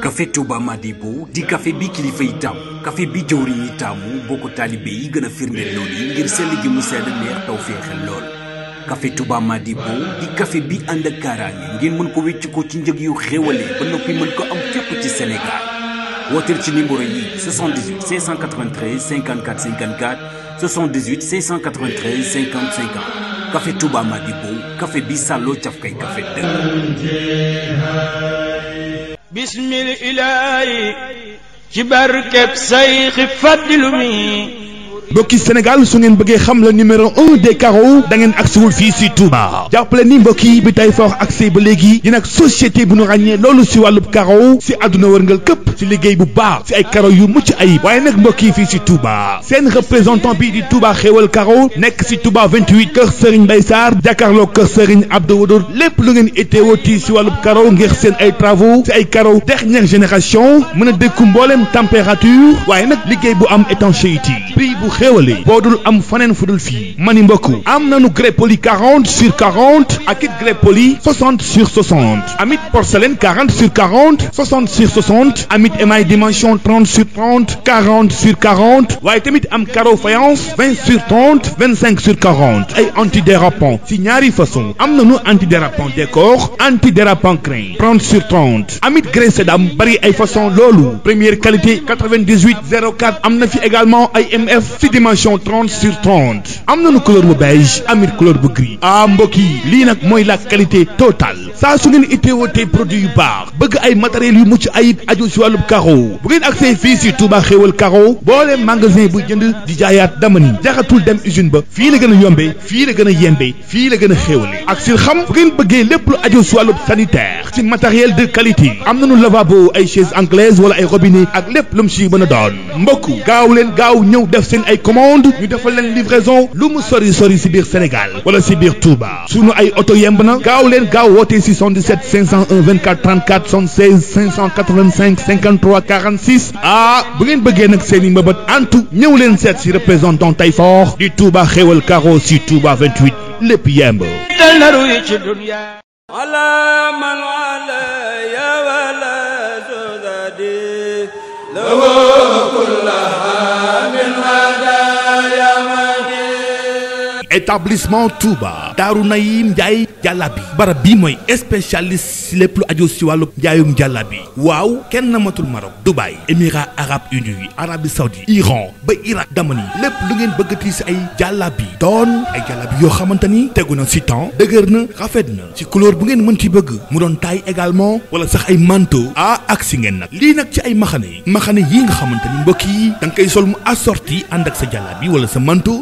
café Touba Madibo di café bi kilifa yi taamu café bi jëwriñ yi taamu boo ko taalibe yi gën a firndeel loolu yi ngir sell gi mu sell neex taw féexal lool café Touba Madibo di café bi ànd ak kaaraange ngeen mën ko wécc ko ci njëg yu xéewale ba noppi mën ko am fépp ci Sénégal wooteel ci numéro yi 78 593 54 54 78 593 50 50 café Touba Madibo café bi sàlloo cafkay café dëkk bismil ilaahi ci barkeb say xi fàddilu mi mbokki Sénégal su ngeen bëggee xam la numéro un des carreaux da ngeen agsiwul fii si Touba jàppale ni mbokk yi bi tay foox accès ba léegi ñu nag société bu nu ràññee loolu si wàllub carreau si àdduna wërngal këpp ci liggéey bu baax si ay carreau yu mucc ayib waaye nag mbokk yi fii si Touba seen représentant bii di Touba xéewal carreau nekk si Touba 28 kër Serigne Mbaye Sarr jàkkaarloo kër Serigne Abdou Wadour lépp lu ngeen itteewooti si wàllub carreau ngir seen ay travaux si ay carreau dernière génération mën a dékku mbooleem température waaye nag bu am étanchéité prix xéewal yi boo dul am faneen fu dul fii mani mbokku am nanu grès poli 40 sur 40 ak it grès poli 60 sur 60 amit porcelaine 40 sur 40 60 sur 60 amit émail dimension 30 sur 30 40 sur 40 waaye tamit am carreau faïence sur 30 25 sur 40 ay antidérapant si ñaari façon am nanu antidérapant décor antidérapant crin 30 sur 30 amit grès sédam bari ay façon loolu première qualité 98 04 am na fi également ay ci dimension 30 sur 30 am nañu couleur bu beige amit couleur bu gris ah mbokk lii nag mooy la qualité totale saa su ngeen itteewatee produit yu baax bëgg ay matériel yu mucc ayib ajo si wàllu carreau bu ngeen agsee fii si Touba xéewal carreau boole magasin bu jënd di jaayaat dama ni jaxatul dem usine ba fii la gën a yombee fii la gën a yembee fii la gën a xéewale ak si xam bu ngeen bëggee lépp lu aju si wàllu sanitaire si matériel de qualité am nañu lavabo ay chaise anglaise wala ay robinet ak lépp lu mën a doon mbokk ay commande ñu defal leen livraison lu mu sori sori si Sénégal wala si biir Touba sunu ay oto yemb na gaaw leen gaaw woote si 77 501 24 34 76 585 53 46 ah bu ngeen bëggee nag seen i mbëbët antu ñëw leen seet si représentant Tayfort di Touba xéwal caro si Touba 28 lépp yemb. établissement Touba Daaru Naïm Njaay jàllabi barab bi mooy spécialiste si lépp lu aju si wàllu njaayum jàllabi waaw kenn matul Maroc Dubaï Émirats arabes unis Arabie saoudite Iran ba Irak dama ni lépp lu ngeen bëggati si ay jàllabi doon ay jàllabi yoo xamante ni tegu na si temps dëgër na rafet na ci couleur bu ngeen mën ci bëgg mu doon taille également wala sax ay manteau a ak si ngeen nag lii nag ci ay maxane yi maxane yi nga xamante ni mbokk yi da koy sol mu assorti ànd ak sa jàllabi wala sa manteau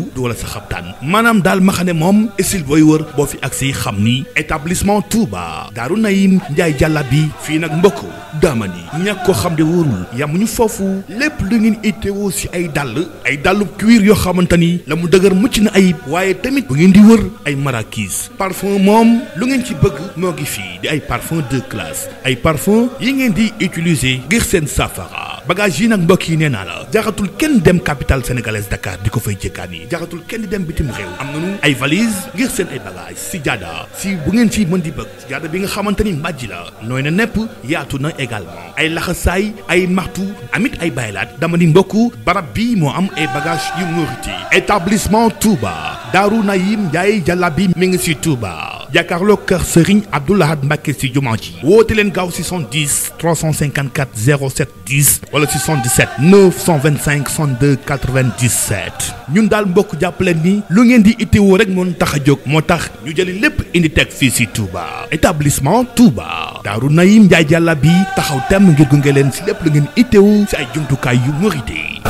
juddu wala sa xabtaan maanaam daal ma ne moom style booy wër boo fi agsi xam ni établissement Touba Daaru Naïm Njaay jàlla bi fii nag mbokk daamani ñàkk ko xam de wóorul yamuñu foofu lépp lu ngeen itteewoo si ay dàll ay dàllu cuir yoo xamante ni la mu dëgër mucc na ayib waaye tamit bu ngeen di wër ay marakis parfum moom lu ngeen ci bëgg moo ngi fii di ay parfum de classe ay parfum yi ngeen di utiliser ngir seen safara bagage yi nag mbokk yi nee naa jaxatul kenn dem capitale sénégalaise Dakar di ko fay jëkkaan yi jaratul kenn dem bitim réew am na nañu ay valise ngir seen ay bagage si jaada si bu ngeen si mën di bëgg si jaada bi nga xamante ni mbàjj la nooy na nepp yaatu na également ay laxasaay ay maxtu amit ay baylaat dama ni mbokk barab bi moo am ay bagage yu ngóoriti établissement Touba Daaru Naïm Ndiaye bi mi ngi si tuuba jàkkaarloo kër Serigne Abdou Lahad Mbacké si jumaa ji woote leen gaaw 70 354 07 10 wala 77 925 62 97 ñun daal mbokk jàpp leen ni lu ngeen di itteewoo rek moom tax a jóg moo tax ñu jëli lépp indi teg fii si Touba établissement Touba Daaru Naïm Njaay jàlla bi taxaw temm ngir gunge leen si lépp lu ngeen itteewu si ay jumtukaay yu mérité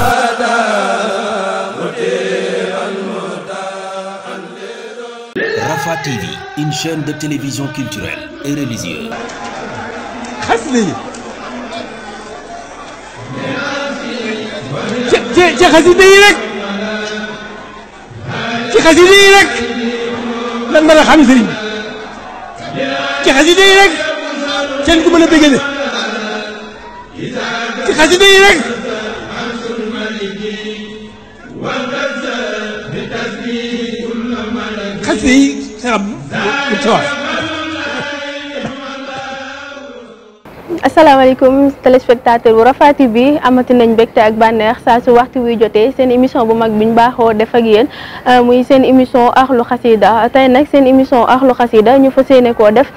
Rafah TV une chaîne de télévision culturelle et religieuse. xas nañu. ci ci ci xasida yi rek ci xasida yi rek lan mën a xam sëriñ bi ci xasida yi rek seen ku mën a bégale ci xasida yi rek. xasida yi yaram bu tawar. asalaamaaleykum téléspectateur bu Rafah bi amati nañ mbégte ak bànneex saa su waxtu wi jotee seen émission bu mag biñ baaxoo def ak yéen euh, muy seen émission Ahlou Khassida tey nag seen émission Ahlou Khassida ñu fa yéene koo def.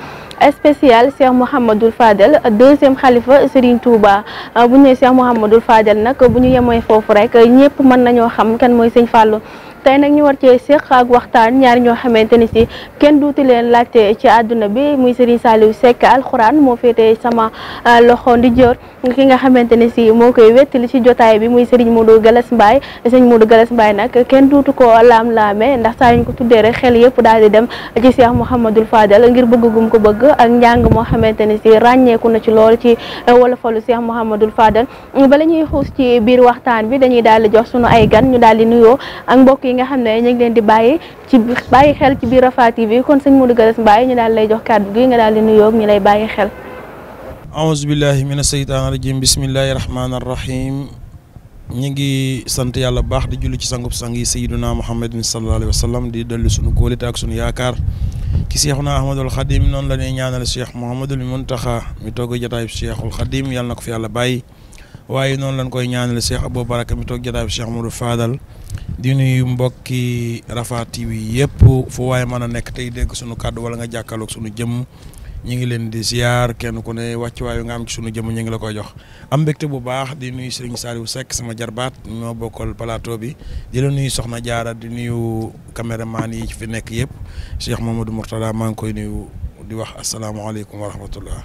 spécial Cheikh Mouhamadul Fadel deuxième xalifa Serigne tuuba euh, bu ñu nee Cheikh Mouhamadul Fadel nag bu ñu yemee foofu rek ñëpp mën nañoo xam kan mooy Sëñ Fallou. tey nag ñu war cee séq ak waxtaan ñaar ñoo xamante ni si kenn duuti leen laajte ci àdduna bi muy Serigne Saliou sekk alxuraan moo féetee sama ah, loxo ndi joor ki nga xamante ni si moo koy wettil ci jotaay bi muy Serigne Modou Gallass mbaay Serigne Modou Gallass Mbaye nag kenn duutu ko laam-laame ndax saa ñu ko tuddee rek xel yëpp daal di dem ci Cheikh Mouhamadul Fadal ngir bëgg ko bëgg ak njàng moo xamante ni si ràññeeku na ci lool ci eh, wolofalu falu Cheikh Mouhamadul Fadal bala ñuy xuus ci biir waxtaan bi dañuy daal di jox sunu ay gan ñu daal di nuyoo yi nga xam ne ñu ngi leen di bàyyi ci bàyyi xel biir Rafah TV kon sëñ Modou Gallass Mbaye ñu daal lay jox kàddu gi nga daal di nuyoo ñu lay bàyyi xel aouzu billahi mina seytaan rajim bismillahi rahmaani rahim ñu ngi sant yàlla baax di julli ci sangub sang yi sayyiduna muhammadin sallallahu alayhi wa sallam di dellu sunu kóolite ak sunu yaakaar ci seexuna ahmadul xadim noonu la ñuy ñaanal cheikh muhammadul muntaxa mi toog jataay bi cheikhul xadim yàlla na ko fi yàlla bàyyi waaye noonu lañ koy ñaanal cheikh abou baraka mi toog jataay bi cheikh amadou fadal di nuyu mbokki Rafah TV yëpp fu waaye mën a nekk tey dégg suñu kàddu wala nga jàkkaarloog sunu jëm ñu ngi leen di ziar kenn ku ne wàccuwaay nga am ci sunu jëm ñu ngi la koy jox am mbégte bu baax di nuyu Serigne Saliou Seck sama jarbaat ñoo bokkal palaato bi di nuyu Soxna Jaara di nuyu caméraman yi fi nekk yëpp Cheikh Mamadou Mourtada maa ngi koy nuyu. di wax asalaamaaleykum wa rahmatullah.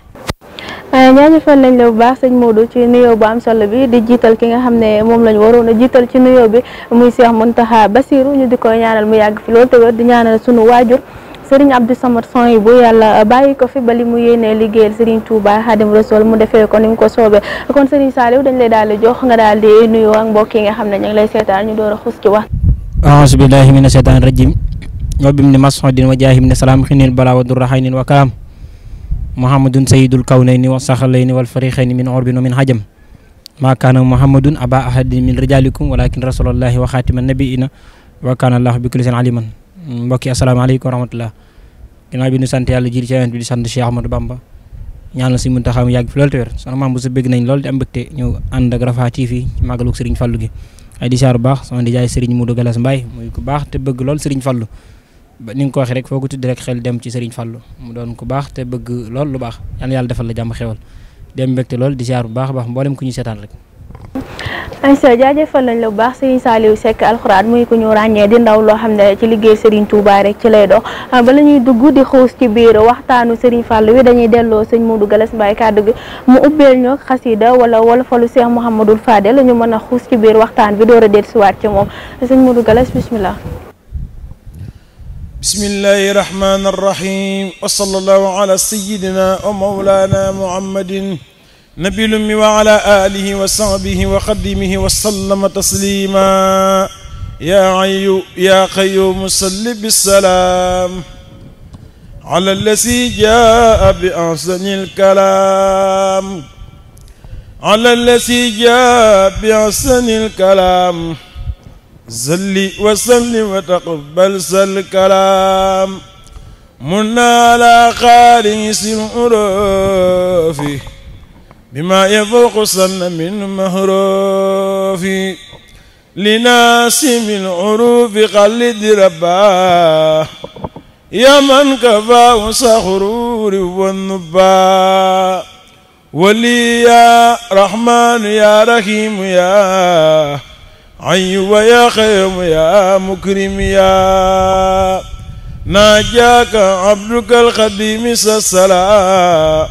ñaañëfal euh, nañ la bu baax sëñ Modou ci nuyoo bu am solo bi di jiital ki nga xam ne moom lañ waroon a jiital ci nuyoo bi muy Cheikh Mountakha Bassirou ñu di ko ñaanal mu yàgg fi loolu tëwét di ñaanal sunu waajur Serigne Abdou Samad son yi bu yàlla bàyyi ko fi ba li mu yéenee liggéeyal Serigne Touba Khadim Rasoul mu defee ko ni mu ko soobee kon Serigne Saliou dañ lay daal di jox nga daal di nuyoo ak mbokk yi nga xam ne ñu ngi lay seetaan ñu door a xus ci wax. a'uuzu billahi mina shaytaani rajiim وابن مسعود وجاه بن سلام خن البلاء والدرحين وكرام محمد سيد الكونين والصخلين والفريقين من عرب ومن حجم ما كان محمد أبا أحد من رجالكم ولكن رسول الله وخاتم النبيين وكان الله بكل شيء عليما mbokki asalaamaaleykum wa rahmatullah ginnaaw bi ñu sant yàlla jiri ci yonent bi di sant Cheikh Ahmadou Bamba ñaanal si Muntaxa mu yàgg fi loolu te wér sama maam bu sa bëgg nañ loolu di am mbégte ñëw ànd ak Rafah TV ci màggalug Serigne Fallou gi ay di siyaar bu baax sama di jaay Serigne baax te bëgg lool Serigne ba ni nga ko waxee rek foo ko tudd rek xel dem ci Serigne Fallou mu doon ku baax te bëgg lool lu baax yal na yàlla defal la jàmm xewal dem mbégte lool di ziar bu baax a baax mboolem ku ñu seetaan rek. Aïssa jaajëfal nañ bu baax Serigne Saliou Seck alxuraan muy ku ñu ràññee di ndaw loo xam ne ci liggéey Serigne Touba rek ci lay dox ah, bala ñuy dugg di xuus ci biir waxtaanu Serigne Fallou wi dañuy delloo sëñ Modou Galas Mbaye kàddu gi mu ubbeel ñoo xasida wala wala falu Cheikh Mouhamadul Fadel ñu mën a xuus ci biir waxtaan bi door a dellusiwaat ci moom sëñ Modou Galas bismillah bismillahi irrahman irrahim wasala allahu ala seyidina wa maulana muhammadin nabilumi wa ala alihi wa sahbihi wa xadimihi wasallama taslima yaa ayu yaa qayumu salli bisalaam ala allazi jaa bi ahsani alkalaam ala allazi jaa bi ahsani alkalaam salli wa sallim wa taqabbal sal kalaam munna ala xaalisil uroofi bima yafruqu sanna min mahroofi linaasimil uruufi xallid rabbaa yaa man kafaahu saxruuri wannubaa wali yaa raxmaanu yaa raxiimu yaa أيوة يا خيم يا مكرم يا ناجاك عبدك القديم الصلاة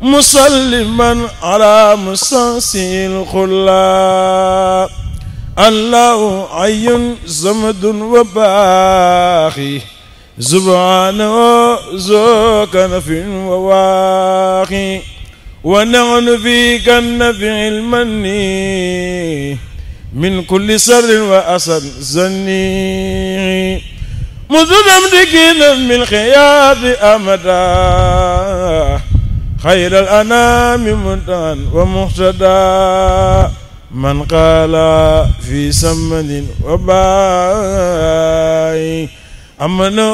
مسلما على مستنسي الخلا الله عي زمد وباخي سبحانه ذو كنف وواخي ونعن في كنف المني min kulli sarrin wa asan zanni musudam dikinan min xiyaati amada xayral anaami muntaan wa muxtada man qaala fi sammanin wa baay amano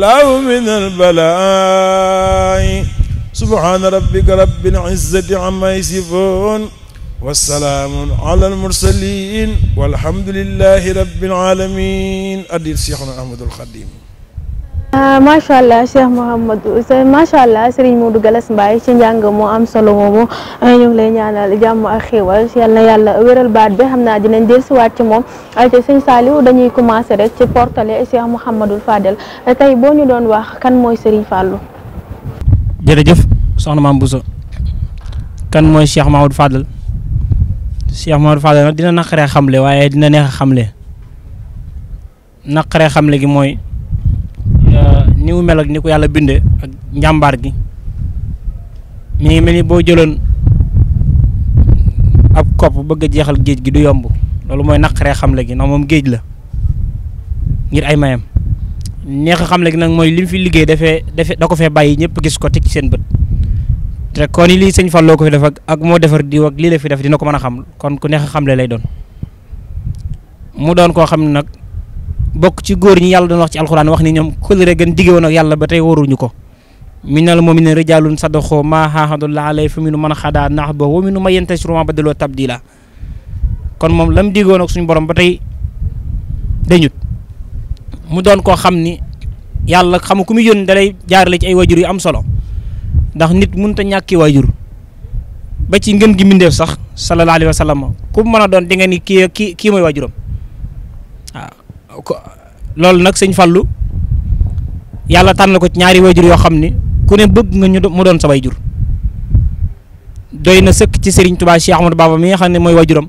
laahu min albalaay subhaana rabbika rabbil izzati amma yasifoon wasalaamun ala almursalin walhamdulilahi rabbil alamin addir Cheikhna Ahmadul Xadim macha allah Cheikh Mouhamadou macha allah Serigne Modou Gallass Mbaye ci njàng moo am solo moomu ñu ngi lay ñaanal jàmm ak xéewal yal na yàlla wéral baat bi xam naa dinañ dellusiwaat ci moom te sëñ Saliou dañuy commencé rek ci portale Cheikh Mouhamadou Fadel euh, tey boo ñu doon wax kan mooy Serigne Fallou. jërëjëf soxna maam Bousso kan mooy Cheikh Mouhamadou Fadel. Cheikh Modou Fadal nag dina naqaree xamle waaye dina neex a xamle naqaree xamle gi mooy euh, ni mu mel ak ni ko yàlla bindee ak njàmbaar gi mi ngi mel ni boo jëloon ab kopp bëgg a jeexal géej gi du yomb loolu mooy naqaree xamle gi ndax moom géej la ngir ay mayam neex a xamle gi nag mooy li mu fi liggéey dafee dafe da ko fee bàyyi ñëpp gis ko te ci seen bët. te kon lii sëñ Fallou ko fi def ak moo defar diw ak lii la fi def dina ko mën a xam kon ku neex a xamle lay doon mu doon koo xam ne nag bokk ci góor ñi yàlla doon wax ci alxuraan wax ni ñoom kóllëre gën dige yàlla ba tey waruñu ko minal mu'minina rijaalun sadaqu maa aahadullah alayhi fa minhum man qadaa nahbahu wa minhum man yantazir wa maa baddaluu tabdiilaa kon moom lam dige woon ak suñu borom ba tey dañut doon koo xam ni yàlla xamu ku muy yónni dalay jaarale ci ay wajur yu am solo ndax nit mënut a ñàkki waajur ba ci ngën gi mbindeef sax sallallahu alayhi wa sallam ku mën doon di nga ni kii kii kii mooy waajuram waaw loolu nag sëñ Fallou yàlla tànn ko ci ñaari waajur yoo xam ne ku ne bëgg nga ñu mu doon sa waajur doy na sëkk ci tubaa Touba Cheikh Ahmadou Baba mi nga xam ne mooy waajuram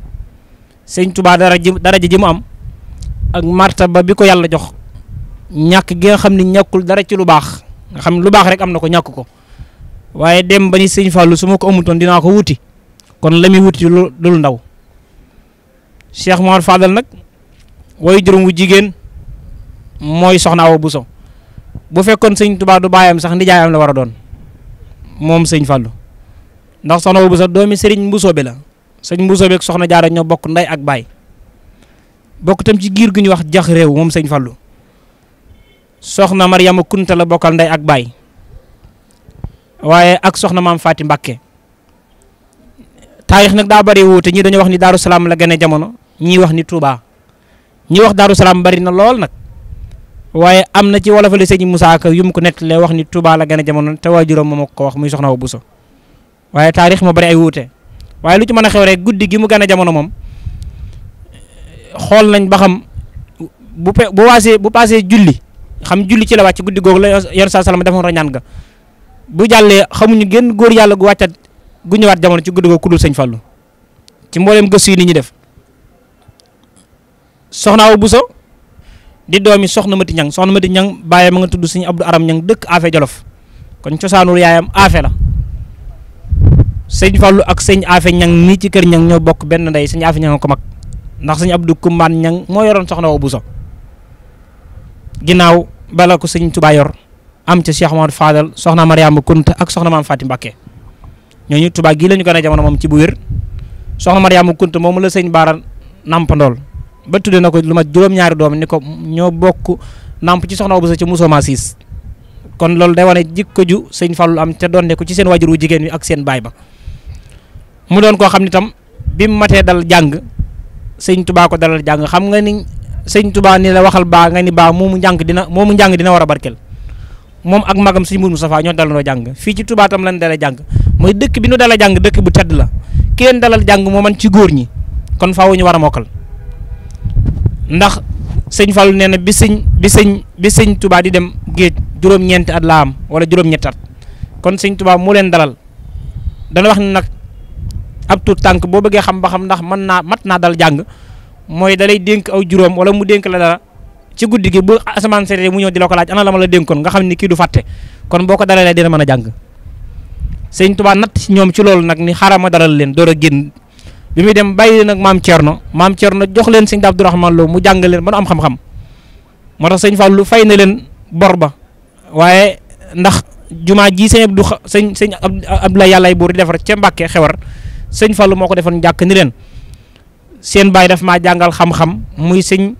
sëñ tubaa dara ji dara ji mu am ak ba bi ko yàlla jox ñàkk gi nga xam ne ñàkkul dara ci lu baax nga xam lu baax rek am na ko ñàkk ko. waaye dem ba ni sëñ Fallou su ma ko amutoon dinaa ko wuti kon la muy wuti lu dul ndaw Cheikh Mouhamad Fadal nag woy juróom wu jigéen mooy soxna bu so bu fekkoon sëñ Tuubaa du baayam sax nijaayam la war a doon moom sëñ Fallou ndax soxna Awa Bousso doomi Serigne Bousso bi la sëñ Bousso bi ak soxna Jaara ñoo bokk ndey ak baay bokk tam ci giir gu ñuy wax jax réew moom sëñ Fallou soxna Mariama Kunta la bokkal ndey ak baay waaye ak soxna maam Faati Mbàkke taarix nag daa bëri wuute ñii dañoo wax ni Daaru Salaam la gën jamono ñii wax ni Touba ñii wax Daaru Salaam bari na lool nag waaye am na ci wolofale sëñ Moussa Ka yu mu ko nettalee wax ni Touba la gën jamono te waajuram moom ko wax muy soxna wu Buso waaye taarix ma bëri ay wuute waaye lu ci mën a xew rek guddi gi mu gën a jamono moom xool nañ ba xam bu pe bu waasee paasee julli xam julli ci la wàcc guddi googu la yor saa salaam defoon bu jàllee xamuñu génn góor yàlla gu wàccat gu ñëwaat jamono ci guddi ko kudul sëñ Fallou ci mbooleem gëstu yi li ñuy def soxna Awa Bousso di doomi soxna Mati Ñang soxna Mati Ñang bàyyam nga tudd sëñ Abdou Aram Ñang dëkk Afe Jolof kon cosaanul yaayam Afe la sëñ fallu ak sëñ Afe Ñang nii ci kër Ñang ñoo bokk benn ndey sëñ Afe Ñang ko mag ndax sëñ Abdou Kumbaan Ñang moo yoroon soxna Awa Bousso ginnaaw bala ko sëñ Tuubaa am ca Cheikh Mamadou Fadal soxna Mariama Kunta ak soxna maam Fatim Mbakke ñu tubaa gii la ñu gën a jamono moom ci bu wér soxna Mariama Kunta moom la sëñ Baara nampandool ba tudde na ko lu ma juróom-ñaari doom ni ko ñoo bokk namp ci soxna Obusa ci Musoma siis kon loolu day wane jikko ju sëñ Fallu am te doon ne ko ci seen wajur wu jigéen wi ak seen baay ba mu doon koo xam ni tam bi mu matee dal jàng sëñ Touba ko dalal jàng xam nga ni sëñ Touba ni la waxal baa nga ni baa mu njàng dina moomu njàng dina war a barkeel moom ak magam sëñ Mourou Moustapha ñoo dalandoo jàng fii ci Touba tam lañ jàng mooy dëkk bi nu dala jàng dëkk bu tedd la ki leen dalal jàng moo man ci góor ñi kon faaw ñu war a mokkal ndax sëñ Fallou nee na bi sëñ bi sëñ bi sëñ Touba di dem géej juróom at laa wala juróom at kon sëñ Touba mu leen dalal dana wax ne nag ab tuut tànk boo bëggee xam ba xam ndax mën naa mat naa dal jàng mooy dalay dénk aw juróom wala mu dénk la dara. ci guddi gi bu asamaan seetee mu ñëw di la ko laaj ana la ma la dénkoon nga xam ni kii du fàtte kon boo ko dalalee dina mën a jàng sëñ Tuubaa natt ñoom ci loolu nag ni xaaral ma dalal leen door a génn bi muy dem bàyyi nag maam Thierno maam Thierno jox leen sëñ Abdourahman Lo mu jàng leen ba nu am xam-xam moo tax fay na leen bor ba waaye ndax jumaa ji sëñ Abdou sëñ sëñ Abdoulaye yàllaay buur di defar ca Mbàkke xewar sëñ Fallou moo ko defoon jàkk ni leen seen bàyyi daf maa jàngal xam-xam muy sëñ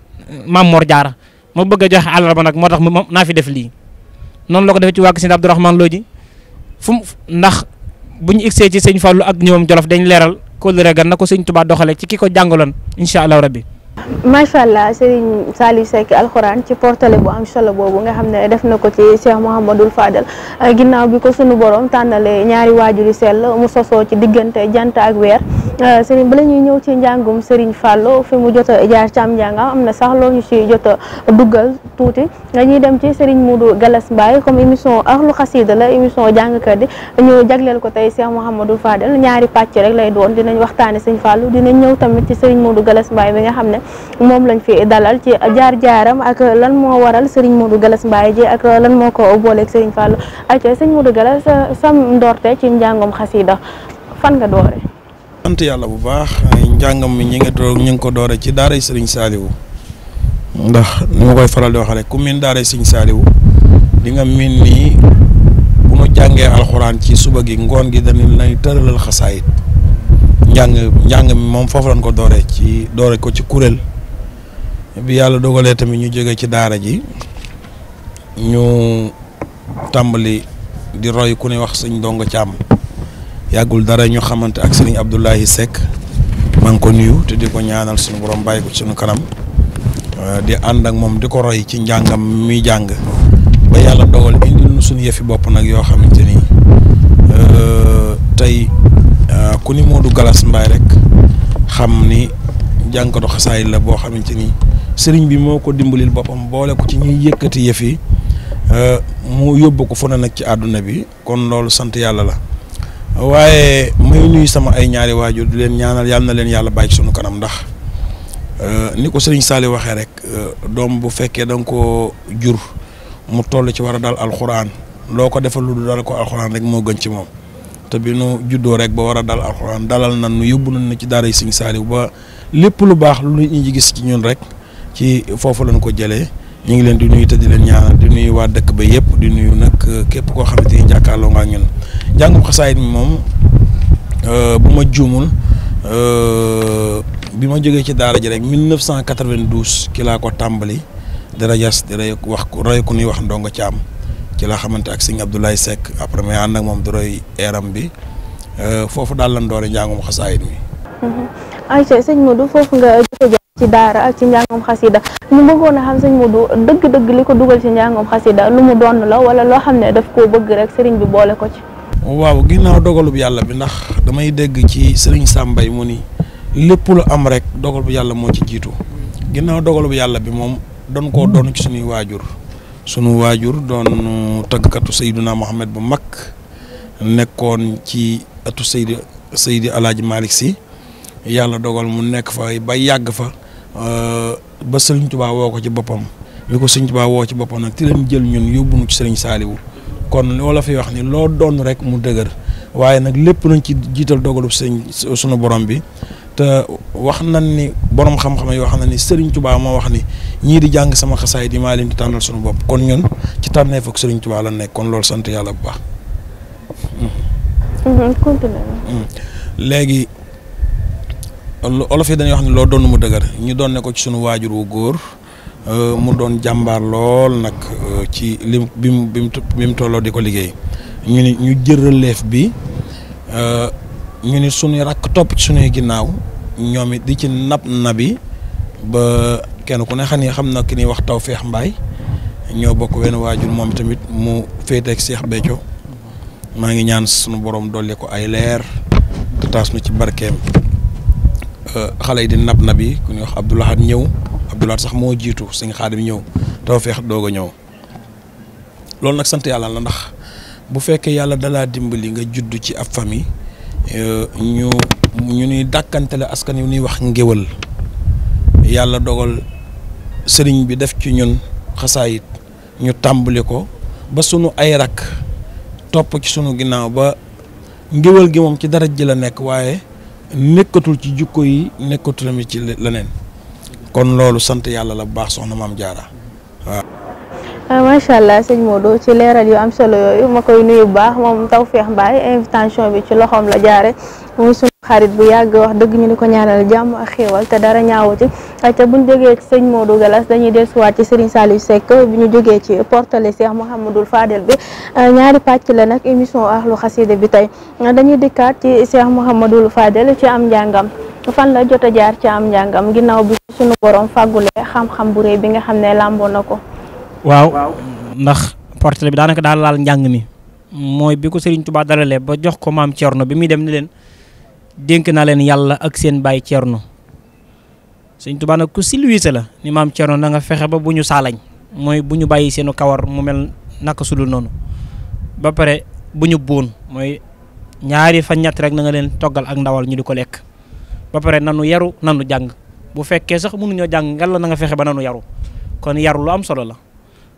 Maam Mor jaar moo bëgg a joxe nag moo tax ma naa fi def lii noonu la ko defee ci wàkk Sëñ Abdourahmane Lo ji fu mu ndax bu ñu egsee ci sëñ Fallou ak ñoom Jolof dañ leeral kóllëre gan na ko sëñ Tuubaa doxalee ci ki ko jàngaloon incha allah rabbi macha allah Serigne Saliou Seck alxuraan ci portale bu am solo boobu nga xam ne def na ko ci Cheikh Mouhamadul Fadal eh, ginnaaw bi ko sunu borom tànnale ñaari waajuri sell mu sosoo ci diggante jant ak weer eh, Serigne bala ñuy ñëw ci njàngum Serigne Fallou fi mu jot a jaar ci am njàngam am na sax loo ñu ci jot a duggal tuuti nga ñuy dem ci Serigne Modou Galas Mbaye comme émission Ahlu Xasida la émission ka di ñu jagleel ko tey Cheikh Mouhamadul Fadal ñaari pàc rek lay doon dinañ waxtaane Serigne Fallou dinañ ñëw tamit ci Serigne Modou Galas Mbaye bi nga xam ne moom lañ fi dalal ci jaar jaaram ak lan moo waral Serigne Modou Gallass Mbaye ji ak lan moo ko booleeg Serigne Fallou ayca Serigne Modou Gallass sam ndoorte ci njàngoom xasida fan nga doore sant yàlla bu baax njàngam mi ñi nga doon ñu ngi ko doore ci daaray Serigne Saliou ndax li ma koy faral di wax rek ku miin daaray Serigne Saliou di nga miin nii bu ma jàngee alxuraan ci suba gi ngoon gi dañu lay tëralal xasaayit njàng njàng mi moom foofu lañ ko dooree ci doore ko ci kuréel bi yàlla dogalee tamit ñu jóge ci daara ji ñu tàmbali di roy ku ne wax sëñ Ndongo Thiam yàggul dara ñu xamante ak sëriñ Abdoulahi Seck maa ngi ko nuyu te di ko ñaanal suñu borom bàyyi ko ci kanam euh, di ànd ak moom di ko roy ci njàngam muy jàng ba yàlla dogal indil nu yëfi bopp nag yoo xamante ni euh, tey Euh, ku ni Modou Galas Mbaye rek xam ni jànkatu xasaay la boo xamante ni sëriñ bi moo ko dimbalil boppam boole ko ci ñuy yëkkati yëf yi euh, mu yóbbu ko fu ne nag ci àdduna bi kon loolu sant yàlla la waaye may nuyu sama ay ñaari waajur di leen ñaanal yàlla na leen yàlla bàyyi sunu kanam ndax euh, ni ko sëriñ Saali waxee rek doom bu fekkee da nga koo jur mu toll ci war a dal alxuraan loo ko defal lu dul dal ko alxuraan rek moo gën ci moom. te bi nu juddoo rek ba war a dal alxuraan dalal nan nu yóbbu na na ci daara Sëñ Saaliw ba lépp lu baax lu nit ñi gis ci ñun rek ci foofu lañ ko jëlee ñu ngi leen di nuyu te di leen ñaar di nuyu waa dëkk ba yëpp di nuyu nag uh, képp koo xamante ni jàkkaarloo nga ñun jàngum xasaayit mi moom uh, bu ma juumul uh, bi ma jógee ci daara ji rek 1992 ki laa ko tàmbali di rajas di rey wax ko rey ku ñuy wax ndongo am ci la xamante ak sëñ Abdoulaye Seck après may ànd ak moom doroy eeram bi euh, foofu daal la doore njàngum xasaayit mi mm-hmm. ayca sëñ Modou xasida ñu bëggoon a xam sëñ Modou dëgg-dëgg li ko dugal ci njàngum xasida lu mu doon la wala loo xam ne def koo bëgg rek sëriñ bi boole ko ci waaw ginnaaw dogalub yàlla bi ndax damay dégg ci sëriñ Sàmbay mu ni lépp lu am rek dogal bu yàlla moo ci jiitu ginnaaw dogal yàlla bi moom doon koo doon ci suñuy waajur sunu waajur doon tàggkatu Seydina Mohamed bu mag nekkoon ci atu Seydi Seydi Alaaji Malick si yàlla dogal mu nekk fa ba yàgg fa euh, ba Sëriñ Tuubaa woo ko ci boppam li ko Sëriñ Tuubaa woo ci boppam nag ti lañ jël ñun yóbbu nu ci Sëriñ Saaliwu kon loola fi wax ni loo doon rek mu dëgër waaye nag lépp nañ ci jiital dogalu sëñ sunu borom bi te wax na ni borom xam-xam yi wax na ni Serigne Touba moo wax ni ñii di jàng sama xasaay di maa leen di tànnal suñu bopp kon ñun ci tànneef ak Serigne Touba la nekk kon loolu sant yàlla bu baax. Mm-hmm. Mm-hmm. Mm-hmm. léegi olof yi dañuy wax ne loo doon mu dëgër ñu doon ne ko ci suñu waajur wu góor euh, mu doon jàmbaar lool nag euh, ci lim bi mu bi mu tolloo di ko liggéey ñu ni ñu jërëleef bi. Euh, ñu ni suñuy rakk topp ci suñuy ginnaaw ñoom it di ci na bi ba kenn ku ne xam ne xam na ki ni wax taw feex Mbaye ñoo bokk wenn waajur moom tamit mu féeteeg Cheikh Béthio maa ngi ñaan suñu borom doole ko ay leer te taas nu ci barkeem euh, xale yi di na bi ku ñuy wax Abdoulahad ñëw Abdoulahad sax moo jiitu sëñ Xaadim ñëw Tawfekh doog a ñëw loolu nag sant yàlla la ndax bu fekkee yàlla dalaa dimbali nga judd ci ab famille Euh, ñu ñu ñuy la askan yu ñuy wax ngéwal yàlla dogal sëriñ bi def ci ñun xasaayit ñu tàmbali ko ba sunu ay rakk topp ci sunu ginnaaw ba ngéwal gi moom ci dara ji la nekk waaye nekkatul ci jukko yi nekkatul tamit ci leneen kon loolu sant yàlla la bu baax soxna maam jaara waaw Ah, macha allah sëñ Modou ci leeral yu am solo yooyu ma koy nuyu bu baax moom Tawfekh Mbaye invitation bi ci loxoom la jaare muy sunu xarit bu yàgg wax dëgg ni ko ñaanal jàmm ak xéewal te dara ñaawu ci ah, te buñ jógee ci sëñ Modou Galas dañuy dellusiwaat ci Serigne Saliou Seck bi ñu jógee ci portale Cheikh Mouhamadul Fadel bi ah, ñaari pàcc la nag émission Ahlu Xasida bi tey dañuy dikkaat ci Cheikh Mouhamadul Fadel ci am njàngam fan la jot a ci am njàngam ginnaaw bi sunu borom fàggulee xam-xam bu rëy bi nga xam ne làmboo na ko waaw ndax portrait bi daanaka daal laal njàng mi mooy bi ko Serigne tubaa dalalee ba jox ko maam Thierno bi muy dem ni leen dénk naa leen yàlla ak seen baay Thierno Serigne Touba nag ku silwiise la ni maam Thierno nanga fexe ba bu ñu saalañ mooy bu bàyyi seenu kawar mu mel naka sudul noonu ba pare bu ñu buun mooy ñaari fan ñett rek na nga leen toggal ak ndawal ñi di ko lekk ba pare nanu yaru nanu jàng bu fekkee sax mënuñoo jàng ngel la na nga fexe ba nanu yaru kon yaru lu am solo la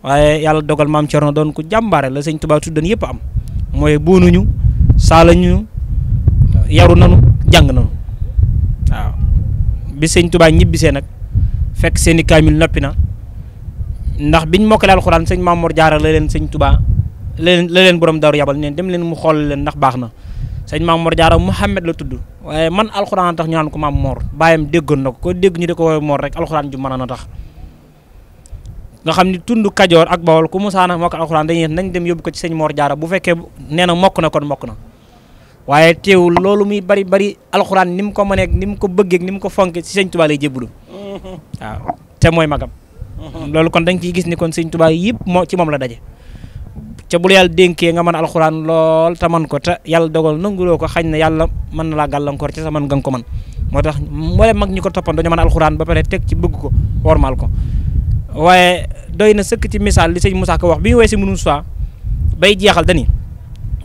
waaye yàlla dogal maam Cerno doon ku jàmbaare la sëñ Tuubaa tuddan yëpp am mooy saala ñu yaru nanu jàng nanu waaw bi sëñ Tuubaa ñibbisee nag fekk seen i kaamil noppi na ndax biñ mokkale alxuraan sëñ Mamour Diarra la leen sëñ la leen la leen borom daaru yabal neen dem leen mu xool leen ndax baax na sëñ Mamour Diarra Mouhamed la tudd waaye man alxuraan tax ñu naan ko Maam moor bàyyam déggoon na ko ko dégg ñu de ko woowee Mor rek alxuraan ju mën a na tax nga xam ni tund kajoor ak bawol ku musaana mokk alxuraan dañuy nañ dem yóbbu ko ci sëñ Mor Jaara bu fekkee nee na mokk na kon mokk na waaye teewul loolu muy bari bari alxuraan ni mu ko mëneek ni mu ko bëggeek ni mu ko fonke ci sëñ Tuubaa lay jébbalu waaw te mooy magam loolu kon dañ ciy gis ni kon sëñ Tuubaa yëpp moo ci moom la daje te bu yàlla dénkee nga mën alxuraan lool te man ko te yàlla dogal nanguloo ko xañ na yàlla mën na laa gàllankoor ci sa man nga ko man moo tax moo mag ñi ko toppoon dañoo mën alxuraan ba pare teg ci bëgg ko wormaal ko waaye doy na sëkk ci misaal li sëñ Moussa ko wax bi ñu woy si mënul soit bay jeexal dani